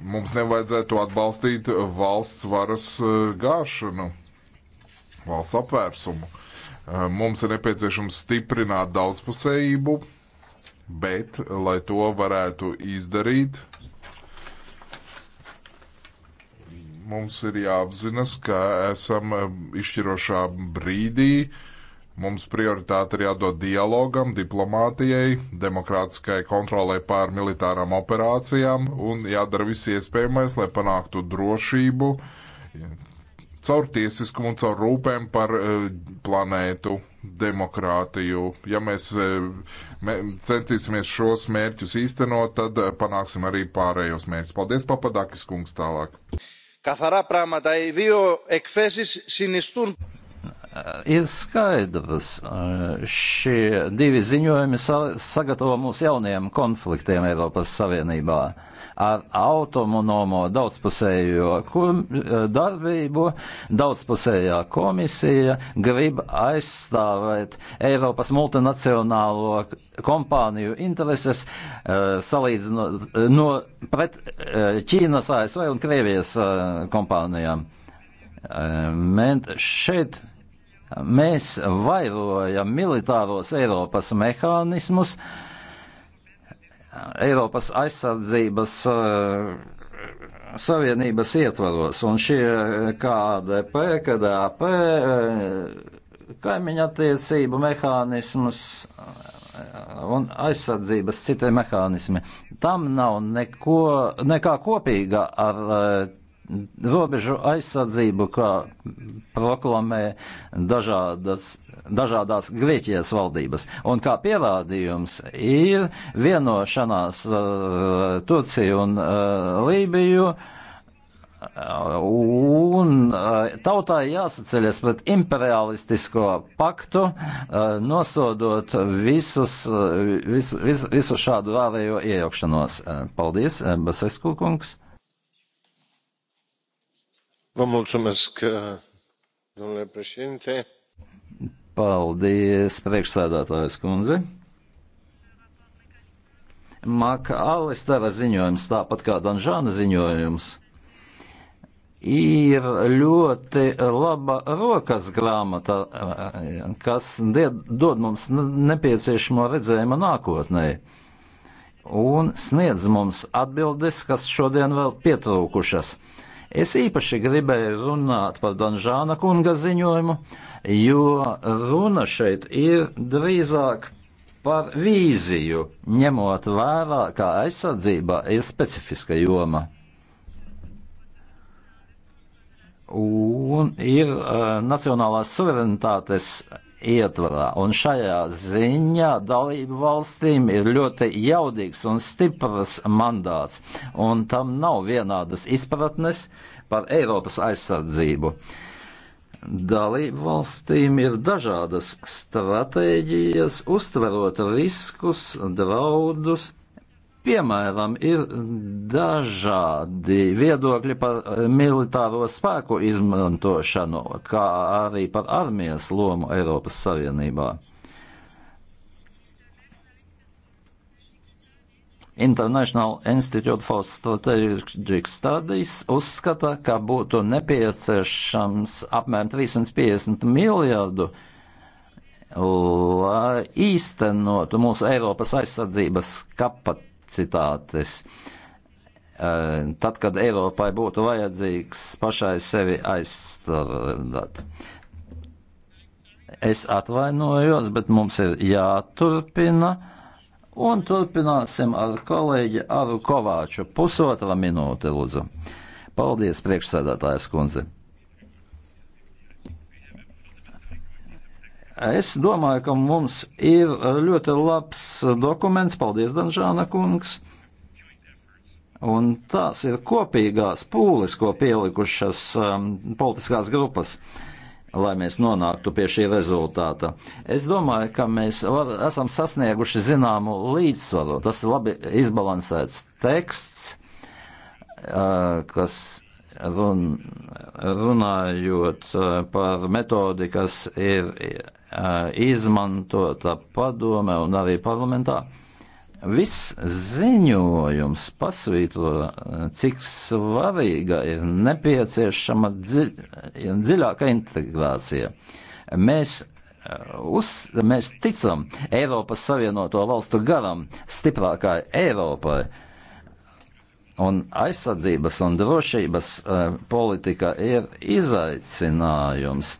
Mums nevajadzētu atbalstīt valsts varas gāšanu valsts apvērsumu. Eh, mums ir nepieciešams stiprināt daudzpusējību, bet, lai to varētu izdarīt, mums ir jāapzinas, ka esam eh, izšķirošā brīdī, Mums prioritāte ir jādod dialogam, diplomātijai, demokrātiskai kontrolē pār militārām operācijām un jādara viss iespējamais, lai panāktu drošību, caur tiesiskumu un caur rūpēm par uh, planētu, demokrātiju. Ja mēs uh, centīsimies šos mērķus īstenot, tad uh, panāksim arī pārējos mērķus. Paldies, Papadakis kungs, tālāk. Καθαρά πράγματα. Οι δύο εκθέσεις συνιστούν Uh, ir skaidrs. Uh, šie divi ziņojumi sagatavo mūs jauniem konfliktiem Eiropas Savienībā ar autonomo daudzpusējo uh, darbību. Daudzpusējā komisija grib aizstāvēt Eiropas multinacionālo kompāniju intereses salīdzinot no pret Ķīnas, ASV un Krievijas kompānijām. Mēs šeit Mēs vairojam militāros Eiropas mehānismus, Eiropas aizsardzības uh, savienības ietvaros, un šie KDP, KDAP, eh, kaimiņa attiecību mehānismus eh, un aizsardzības citi mehānismi. Tam nav neko, nekā kopīga ar robežu aizsardzību, kā proklamē dažādas, dažādās Grieķijas valdības. Un kā pierādījums ir vienošanās uh, Turciju un uh, Lībiju. Un eh, tautai jāsaceļas pret imperialistisko paktu, nosodot visus, vis, vis, visu šādu vēlējo iejaukšanos. Paldies, Basesku kungs! Uh, domnule președinte. Paldies, priekšsēdētājas kundze. Maka Alistera ziņojums, tāpat kā Danžāna ziņojums, ir ļoti laba rokas grāmata, uh, kas dod mums nepieciešamo redzējumu nākotnē un sniedz mums atbildes, kas šodien vēl pietrūkušas. Es īpaši gribēju runāt par Danžāna kunga ziņojumu, jo runa šeit ir drīzāk par vīziju, ņemot vērā, kā aizsardzība ir specifiska joma. Un ir uh, nacionālās suverenitātes ietvarā. Un šajā ziņā dalību valstīm ir ļoti jaudīgs un stiprs mandāts, un tam nav vienādas izpratnes par Eiropas aizsardzību. Dalību valstīm ir dažādas stratēģijas, uztverot riskus, draudus Piemēram, ir dažādi viedokļi par militāro spēku izmantošanu, kā arī par armijas lomu Eiropas Savienībā. International Institute for Strategic Studies uzskata, ka būtu nepieciešams apmēram 350 miljardu, lai īstenotu mūsu Eiropas aizsardzības kapacitāti kapacitātes. Eh, tad, kad Eiropai būtu vajadzīgs pašai sevi aizstāvēt. Es atvainojos, bet mums ir jāturpina, un turpināsim ar kolēģi Aru Kovāču. Pusotra minūte, lūdzu. Paldies, priekšsēdētājas kundze. Es domāju, ka mums ir ļoti labs dokuments. Paldies, Danžāna kungs! Un tās ir kopīgās pūles, ko pielikušas um, politiskās grupas, lai mēs nonāktu pie šī rezultāta. Es domāju, ka mēs var, esam sasnieguši zināmu līdzsvaru. Tas ir labi izbalansēts teksts, uh, kas run, runājot uh, par metodi, kas ir uh, izmantota padome un arī parlamentā. Viss ziņojums pasvītro, uh, cik svarīga ir nepieciešama dziļ, dziļāka integrācija. Mēs uz, mēs ticam Eiropas Savienoto Valstu garam, stiprākai Eiropai. Un aizsardzības un drošības uh, politika ir izaicinājums,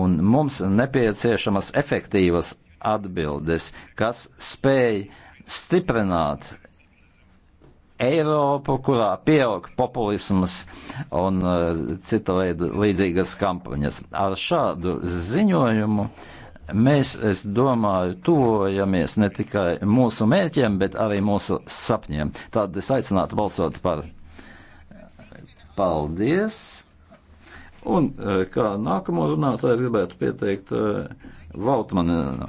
un mums nepieciešamas efektīvas atbildes, kas spēj stiprināt Eiropu, kurā pieaug populisms un uh, cita veida līdzīgas kampaņas. Ar šādu ziņojumu uh, mēs, es domāju, tuvojamies ne tikai mūsu mērķiem, bet arī mūsu sapņiem. Tad es aicinātu balsot par paldies. Un eh, kā nākamo runātāju es gribētu pieteikt eh, Vautmanu.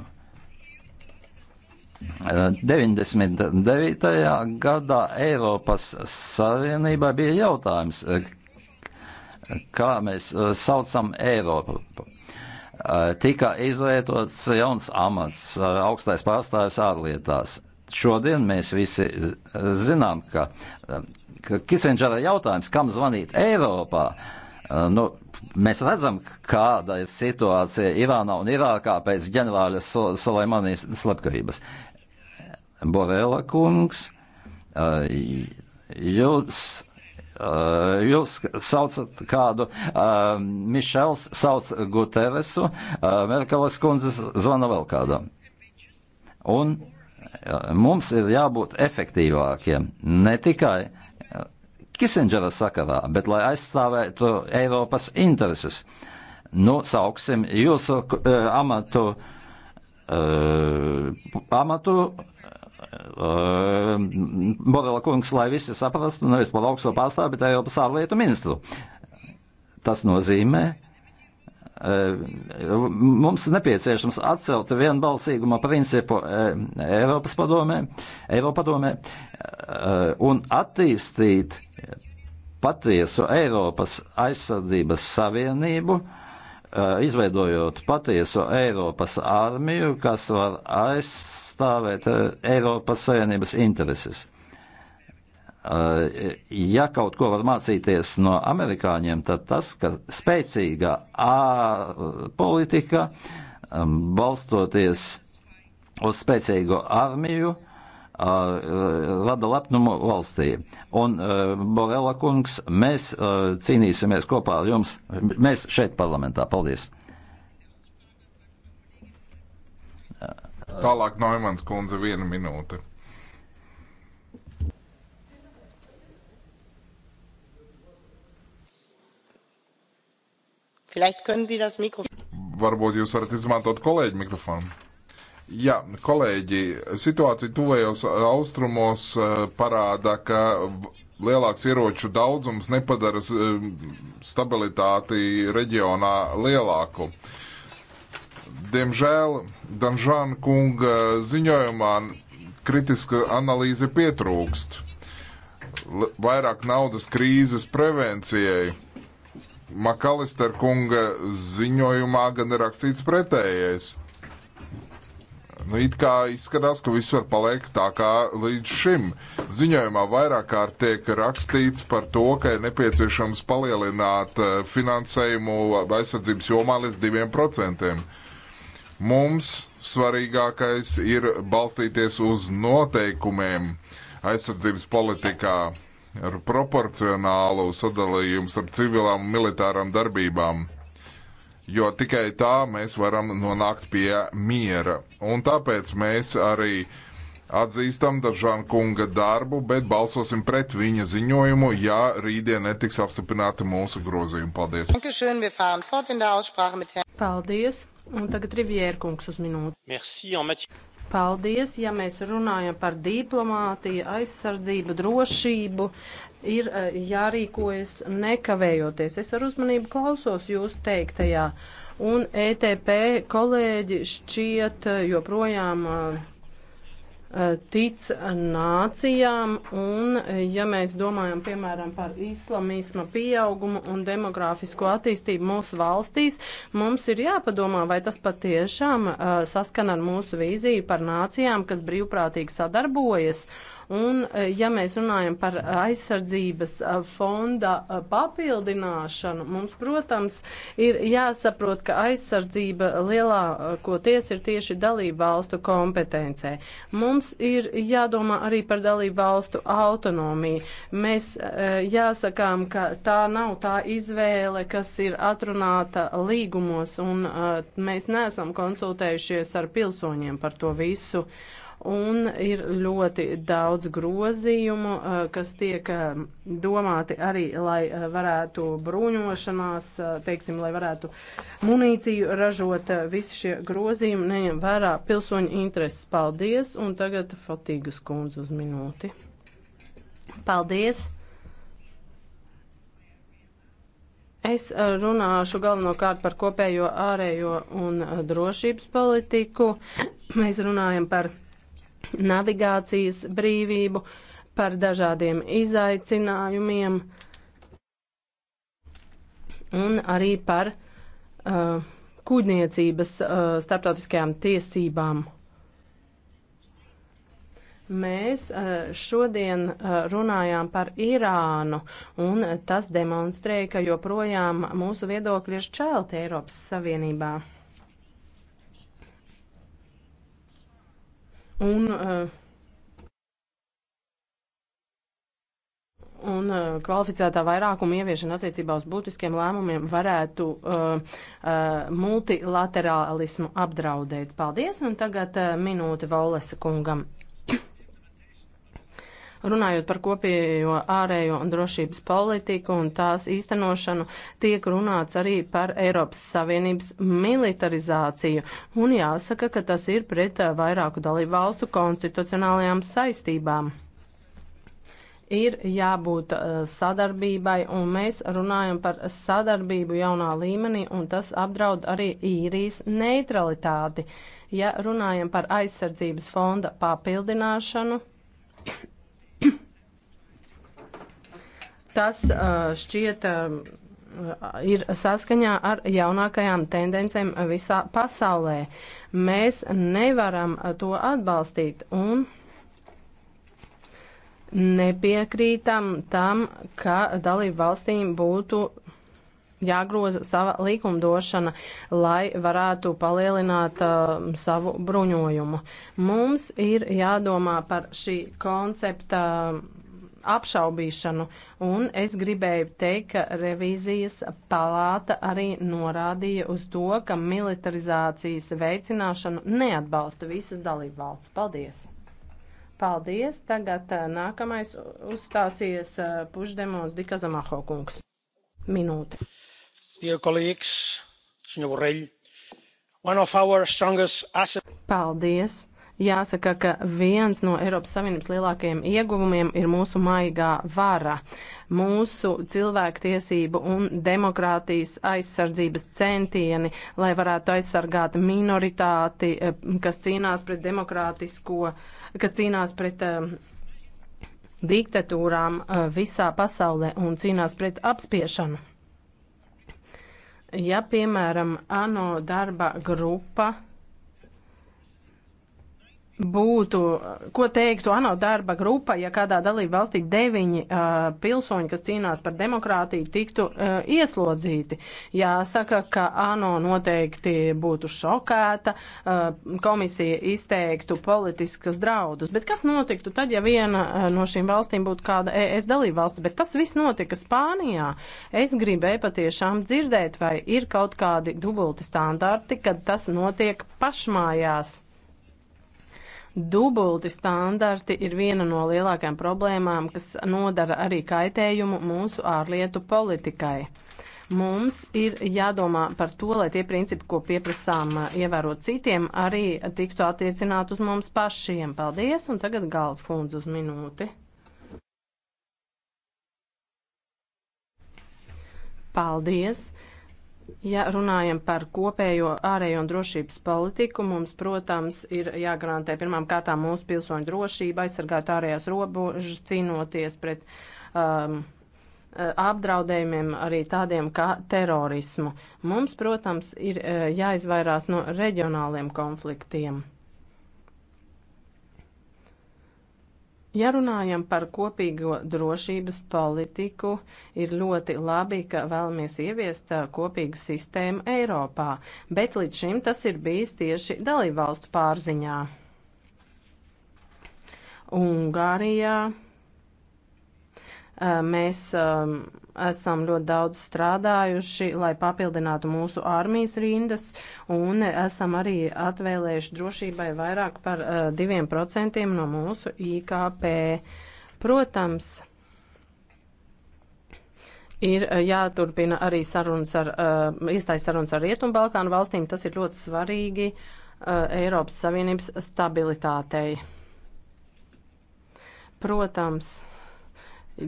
99. Eh, gadā Eiropas Savienībā bija jautājums, kā mēs saucam Eiropu Eh, tika izvietots jauns amats eh, - augstais pārstāvis ārlietās. Šodien mēs visi zinām, ka, eh, ka Kisindžera jautājums, kam zvanīt Eiropā, nu, mēs redzam, kāda ir situācija Irānā un Irākā pēc ģenerāļa Soleimanijas slepkavības. Borela kungs, jūs Uh, jūs saucat kādu uh, Mišels, sauc Guteresu, uh, Merkeles kundzes zvana vēl kādam. Un uh, mums ir jābūt efektīvākiem, ne tikai uh, Kisindžera sakarā, bet lai aizstāvētu Eiropas intereses. Nu, sauksim jūsu uh, amatu, uh, amatu Ehm, Borela kungs, lai visi saprastu, nevis par augsto pārstāvu, bet Eiropas ārlietu ministru. Tas nozīmē, ehm, mums nepieciešams atcelt vienbalsīguma principu ehm, Eiropas padomē, Eiropadomē un attīstīt patiesu Eiropas aizsardzības savienību, uh, izveidojot patieso Eiropas armiju, kas var aizstāvēt Eiropas Savienības intereses. Ja kaut ko var mācīties no amerikāņiem, tad tas, ka spēcīga politika balstoties uz spēcīgu armiju rada lepnumu valstī. Un, Borela kungs, mēs cīnīsimies kopā ar jums, mēs šeit parlamentā. Paldies! Tālāk Noimans kundze viena minūte. Varbūt jūs varat izmantot kolēģi mikrofonu. Jā, kolēģi, situācija tuvējos austrumos eh, parāda, ka lielāks ieroču daudzums nepadara eh, stabilitāti reģionā lielāku. Diemžēl Danžāna kunga ziņojumā kritiska analīze pietrūkst. Vairāk naudas krīzes prevencijai. Makalister kunga ziņojumā gan ir rakstīts pretējais Nu, it kā izskatās, ka viss var palikt tā kā līdz šim. Ziņojumā vairāk kārt tiek rakstīts par to, ka ir nepieciešams palielināt eh, finansējumu aizsardzības jomā līdz 2%. Mums svarīgākais ir balstīties uz noteikumiem aizsardzības politikā ar proporcionālu sadalījumu starp civilām un militārām darbībām jo tikai tā mēs varam nonākt pie miera. Un tāpēc mēs arī atzīstam Dažāna kunga darbu, bet balsosim pret viņa ziņojumu, ja rītdien netiks apstiprināti mūsu grozījumi. Paldies! Paldies! Un tagad Riviera kungs uz minūti. Merci, Paldies, ja mēs runājam par diplomātiju, aizsardzību, drošību. Uh, ir eh, jārīkojas nekavējoties. Es ar uzmanību klausos jūs teiktajā, un ETP kolēģi šķiet eh, joprojām eh, tic nācijām, un ja mēs domājam, piemēram, par islamisma pieaugumu un demografisko attīstību mūsu valstīs, mums ir jāpadomā, vai tas patiešām uh, saskan ar mūsu vīziju par nācijām, kas brīvprātīgi sadarbojas Un, e, ja mēs runājam par aizsardzības e, fonda e, papildināšanu, mums, protams, ir jāsaprot, ka aizsardzība lielākoties ir tieši dalību valstu kompetencē. Mums ir jādomā arī par dalību valstu autonomiju. Mēs jāsakām, ka tā nav tā izvēle, kas ir atrunāta līgumos, un mēs neesam konsultējušies ar pilsoņiem par to visu. Uh, un ir ļoti daudz grozījumu, eh, kas tiek eh, domāti arī, lai eh, varētu bruņošanās, teiksim, lai varētu munīciju ražot. Visi šie grozījumi neņem vērā pilsoņu intereses. Paldies, un tagad Fotīgas kundze uz minūti. Paldies! Es runāšu galvenokārt par kopējo ārējo un drošības politiku. Mēs runājam par navigācijas brīvību, par dažādiem izaicinājumiem un arī par uh, kuģniecības uh, starptautiskajām tiesībām. Mēs uh, šodien uh, runājām par Irānu, un tas demonstrē, ka joprojām mūsu viedokļi ir šķelti Eiropas Savienībā. Un, eh, un eh, kvalificētā vairākuma ieviešana attiecībā uz būtiskiem lēmumiem varētu uh, uh, multilaterālismu apdraudēt. Paldies, un tagad uh, minūte Vaulesa kungam. Runājot par kopējo ārējo un drošības politiku un tās īstenošanu, tiek runāts arī par Eiropas Savienības militarizāciju. Un jāsaka, ka tas ir pret vairāku dalību valstu konstitucionālajām saistībām ir jābūt sadarbībai, un mēs runājam par sadarbību jaunā līmenī, un tas apdraud arī īrijas neutralitāti. Ja runājam par aizsardzības fonda papildināšanu, Tas uh, šķiet uh, ir saskaņā ar jaunākajām tendencēm visā pasaulē. Mēs nevaram to atbalstīt un nepiekrītam tam, ka dalību valstīm būtu jāgroza sava likumdošana, lai varētu palielināt uh, savu bruņojumu. Mums ir jādomā par šī koncepta. Uh, apšaubīšanu. Un es gribēju teikt, ka revīzijas palāta arī norādīja uz to, ka militarizācijas veicināšanu neatbalsta visas dalību valsts. Paldies! Paldies! Tagad eh, nākamais uzstāsies eh, Pušdemons Dikazamaho kungs. Minūte. Dear colleagues, senor Borrell, one of our strongest assets. Paldies! Jāsaka, ka viens no Eiropas Savienības lielākajiem ieguvumiem ir mūsu maigā vara, mūsu cilvēktiesību un demokrātijas aizsardzības centieni, lai varētu aizsargāt minoritāti, eh, kas cīnās pret demokrātisko, kas cīnās pret um, diktatūrām eh, visā pasaulē un cīnās pret apspiešanu. Ja, piemēram, ANO darba grupa būtu, ko teiktu ANO darba grupa, ja kādā dalība valstī deviņi uh, pilsoņi, kas cīnās par demokrātiju, tiktu uh, ieslodzīti. Jāsaka, ka ANO noteikti būtu šokēta, uh, komisija izteiktu politiskas draudus. Bet kas notiktu tad, ja viena uh, no šīm valstīm būtu kāda ES dalība valsts? Bet tas viss notika Spānijā. Es gribēju patiešām dzirdēt, vai ir kaut kādi dubulti standarti, kad tas notiek pašmājās. Dubulti standarti ir viena no lielākajām problēmām, kas nodara arī kaitējumu mūsu ārlietu politikai. Mums ir jādomā par to, lai tie principi, ko pieprasām uh, ievērot citiem, arī tiktu attiecināt uz mums pašiem. Paldies, un tagad gals kundze uz minūti. Paldies! Uh, Ja runājam par kopējo ārējo un drošības politiku, mums, protams, ir jāgarantē pirmām kārtām mūsu pilsoņu drošība, aizsargāt ārējās robežas, cīnoties pret um, apdraudējumiem arī tādiem kā terorismu. Mums, protams, ir eh, jāizvairās no reģionāliem konfliktiem. Ja runājam par kopīgo drošības politiku, ir ļoti labi, ka vēlamies ieviest uh, kopīgu sistēmu Eiropā, bet līdz šim tas ir bijis tieši dalībvalstu pārziņā. Ungārijā Mēs esam ļoti daudz strādājuši, lai papildinātu mūsu armijas rindas, un esam arī atvēlējuši drošībai vairāk par 2% no mūsu IKP. Protams, Ir jāturpina arī sarunas ar, iestājas sarunas ar Rietumbalkānu valstīm. Tas ir ļoti svarīgi Eiropas Savienības stabilitātei. Protams.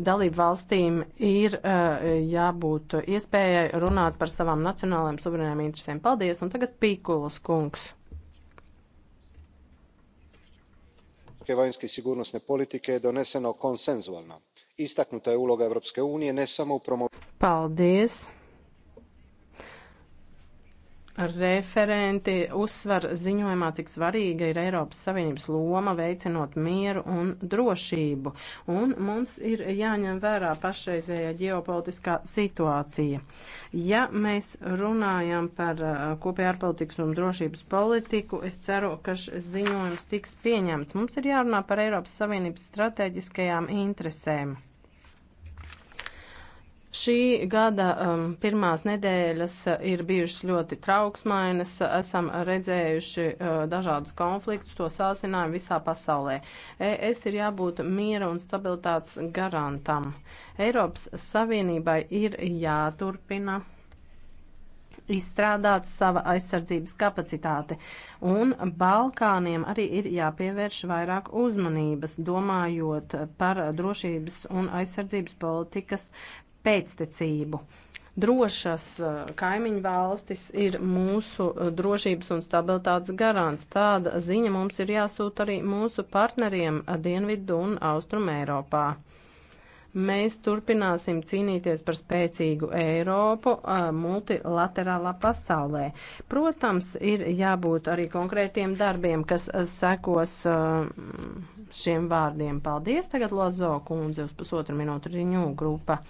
Dalību valstīm ir uh, jābūt iespējai runāt par savām nacionālajām suverēnām interesēm. Paldies, un tagad Pīkulas kungs. vanjske i sigurnosne politike je doneseno konsenzualno. Istaknuta je uloga Europske unije ne samo u promoviranju Referenti uzsver ziņojumā, cik svarīga ir Eiropas Savienības loma veicinot mieru un drošību, un mums ir jāņem vērā pašreizējā ģeopolitiskā situācija. Ja mēs runājam par uh, kopējā ārpolitikas un drošības politiku, es ceru, ka šis ziņojums tiks pieņemts. Mums ir jārunā par Eiropas Savienības strateģiskajām interesēm. Šī gada um, pirmās nedēļas uh, ir bijušas ļoti trauksmainas, esam redzējuši uh, dažādus konfliktus, to sāsinājumu visā pasaulē. ES ir jābūt miera un stabilitātes garantam. Eiropas Savienībai ir jāturpina izstrādāt sava aizsardzības kapacitāte, un Balkāniem arī ir jāpievērš vairāk uzmanības, domājot par drošības un aizsardzības politikas pēctecību. Drošas eh, kaimiņu valstis ir mūsu eh, drošības un stabilitātes garants. Tāda ziņa mums ir jāsūt arī mūsu partneriem eh, Dienvidu un Austrum Eiropā. Mēs turpināsim cīnīties par spēcīgu Eiropu multilaterālā pasaulē. Protams, ir jābūt arī konkrētiem darbiem, kas sekos šiem vārdiem. Paldies! Tagad Lozo kundze uz pusotru minūtu riņū grupa.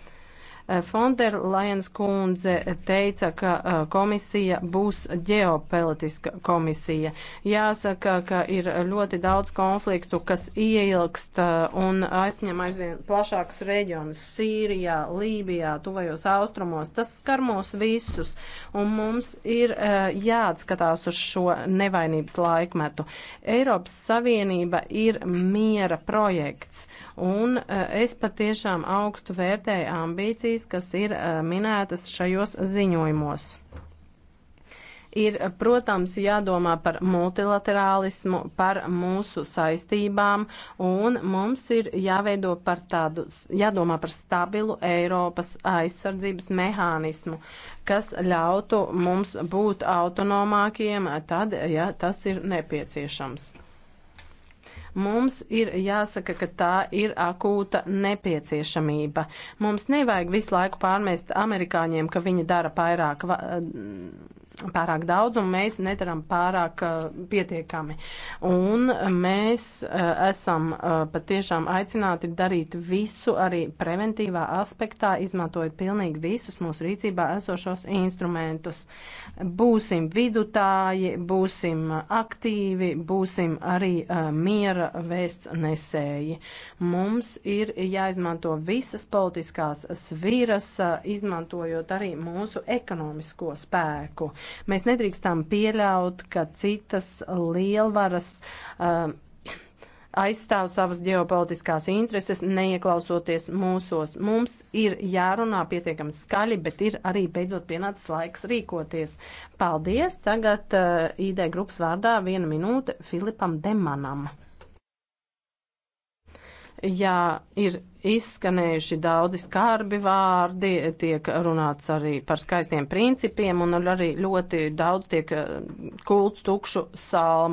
Fonderlajens eh, kundze teica, ka eh, komisija būs ģeopolitiska komisija. Jāsaka, ka ir ļoti daudz konfliktu, kas ieilgst eh, un atņem aizvien plašākus reģionus - Sīrijā, Lībijā, Tuvajos Austrumos. Tas skar mūs visus, un mums ir jāatskatās uz šo nevainības laikmetu. Eiropas Savienība ir miera projekts, un es patiešām augstu vērtēju ambīcijas valstīs, kas ir minētas šajos ziņojumos ir, protams, jādomā par multilaterālismu, par mūsu saistībām, un mums ir jāveido par tādu, jādomā par stabilu Eiropas aizsardzības mehānismu, kas ļautu mums būt autonomākiem tad, ja tas ir nepieciešams. Mums ir jāsaka, ka tā ir akūta nepieciešamība. Mums nevajag visu laiku pārmest amerikāņiem, ka viņi dara vairāk. Va pārāk daudz, un mēs nedaram pārāk uh, pietiekami. Un mēs uh, esam uh, patiešām aicināti darīt visu arī preventīvā aspektā, izmantojot pilnīgi visus mūsu rīcībā esošos instrumentus. Būsim vidutāji, būsim aktīvi, būsim arī uh, miera vēsts nesēji. Mums ir jāizmanto visas politiskās sviras, uh, izmantojot arī mūsu ekonomisko spēku. Mēs nedrīkstam pieļaut, ka citas lielvaras uh, aizstāv savas ģeopolitiskās intereses, neieklausoties mūsos. Mums ir jārunā pietiekami skaļi, bet ir arī beidzot pienācis laiks rīkoties. Paldies! Tagad uh, ID grupas vārdā viena minūte Filipam Demanam. Jā, ir izskanējuši daudzi skarbi vārdi, tiek runāts arī par skaistiem principiem un arī ļoti daudz tiek eh, kults tukšu salmu.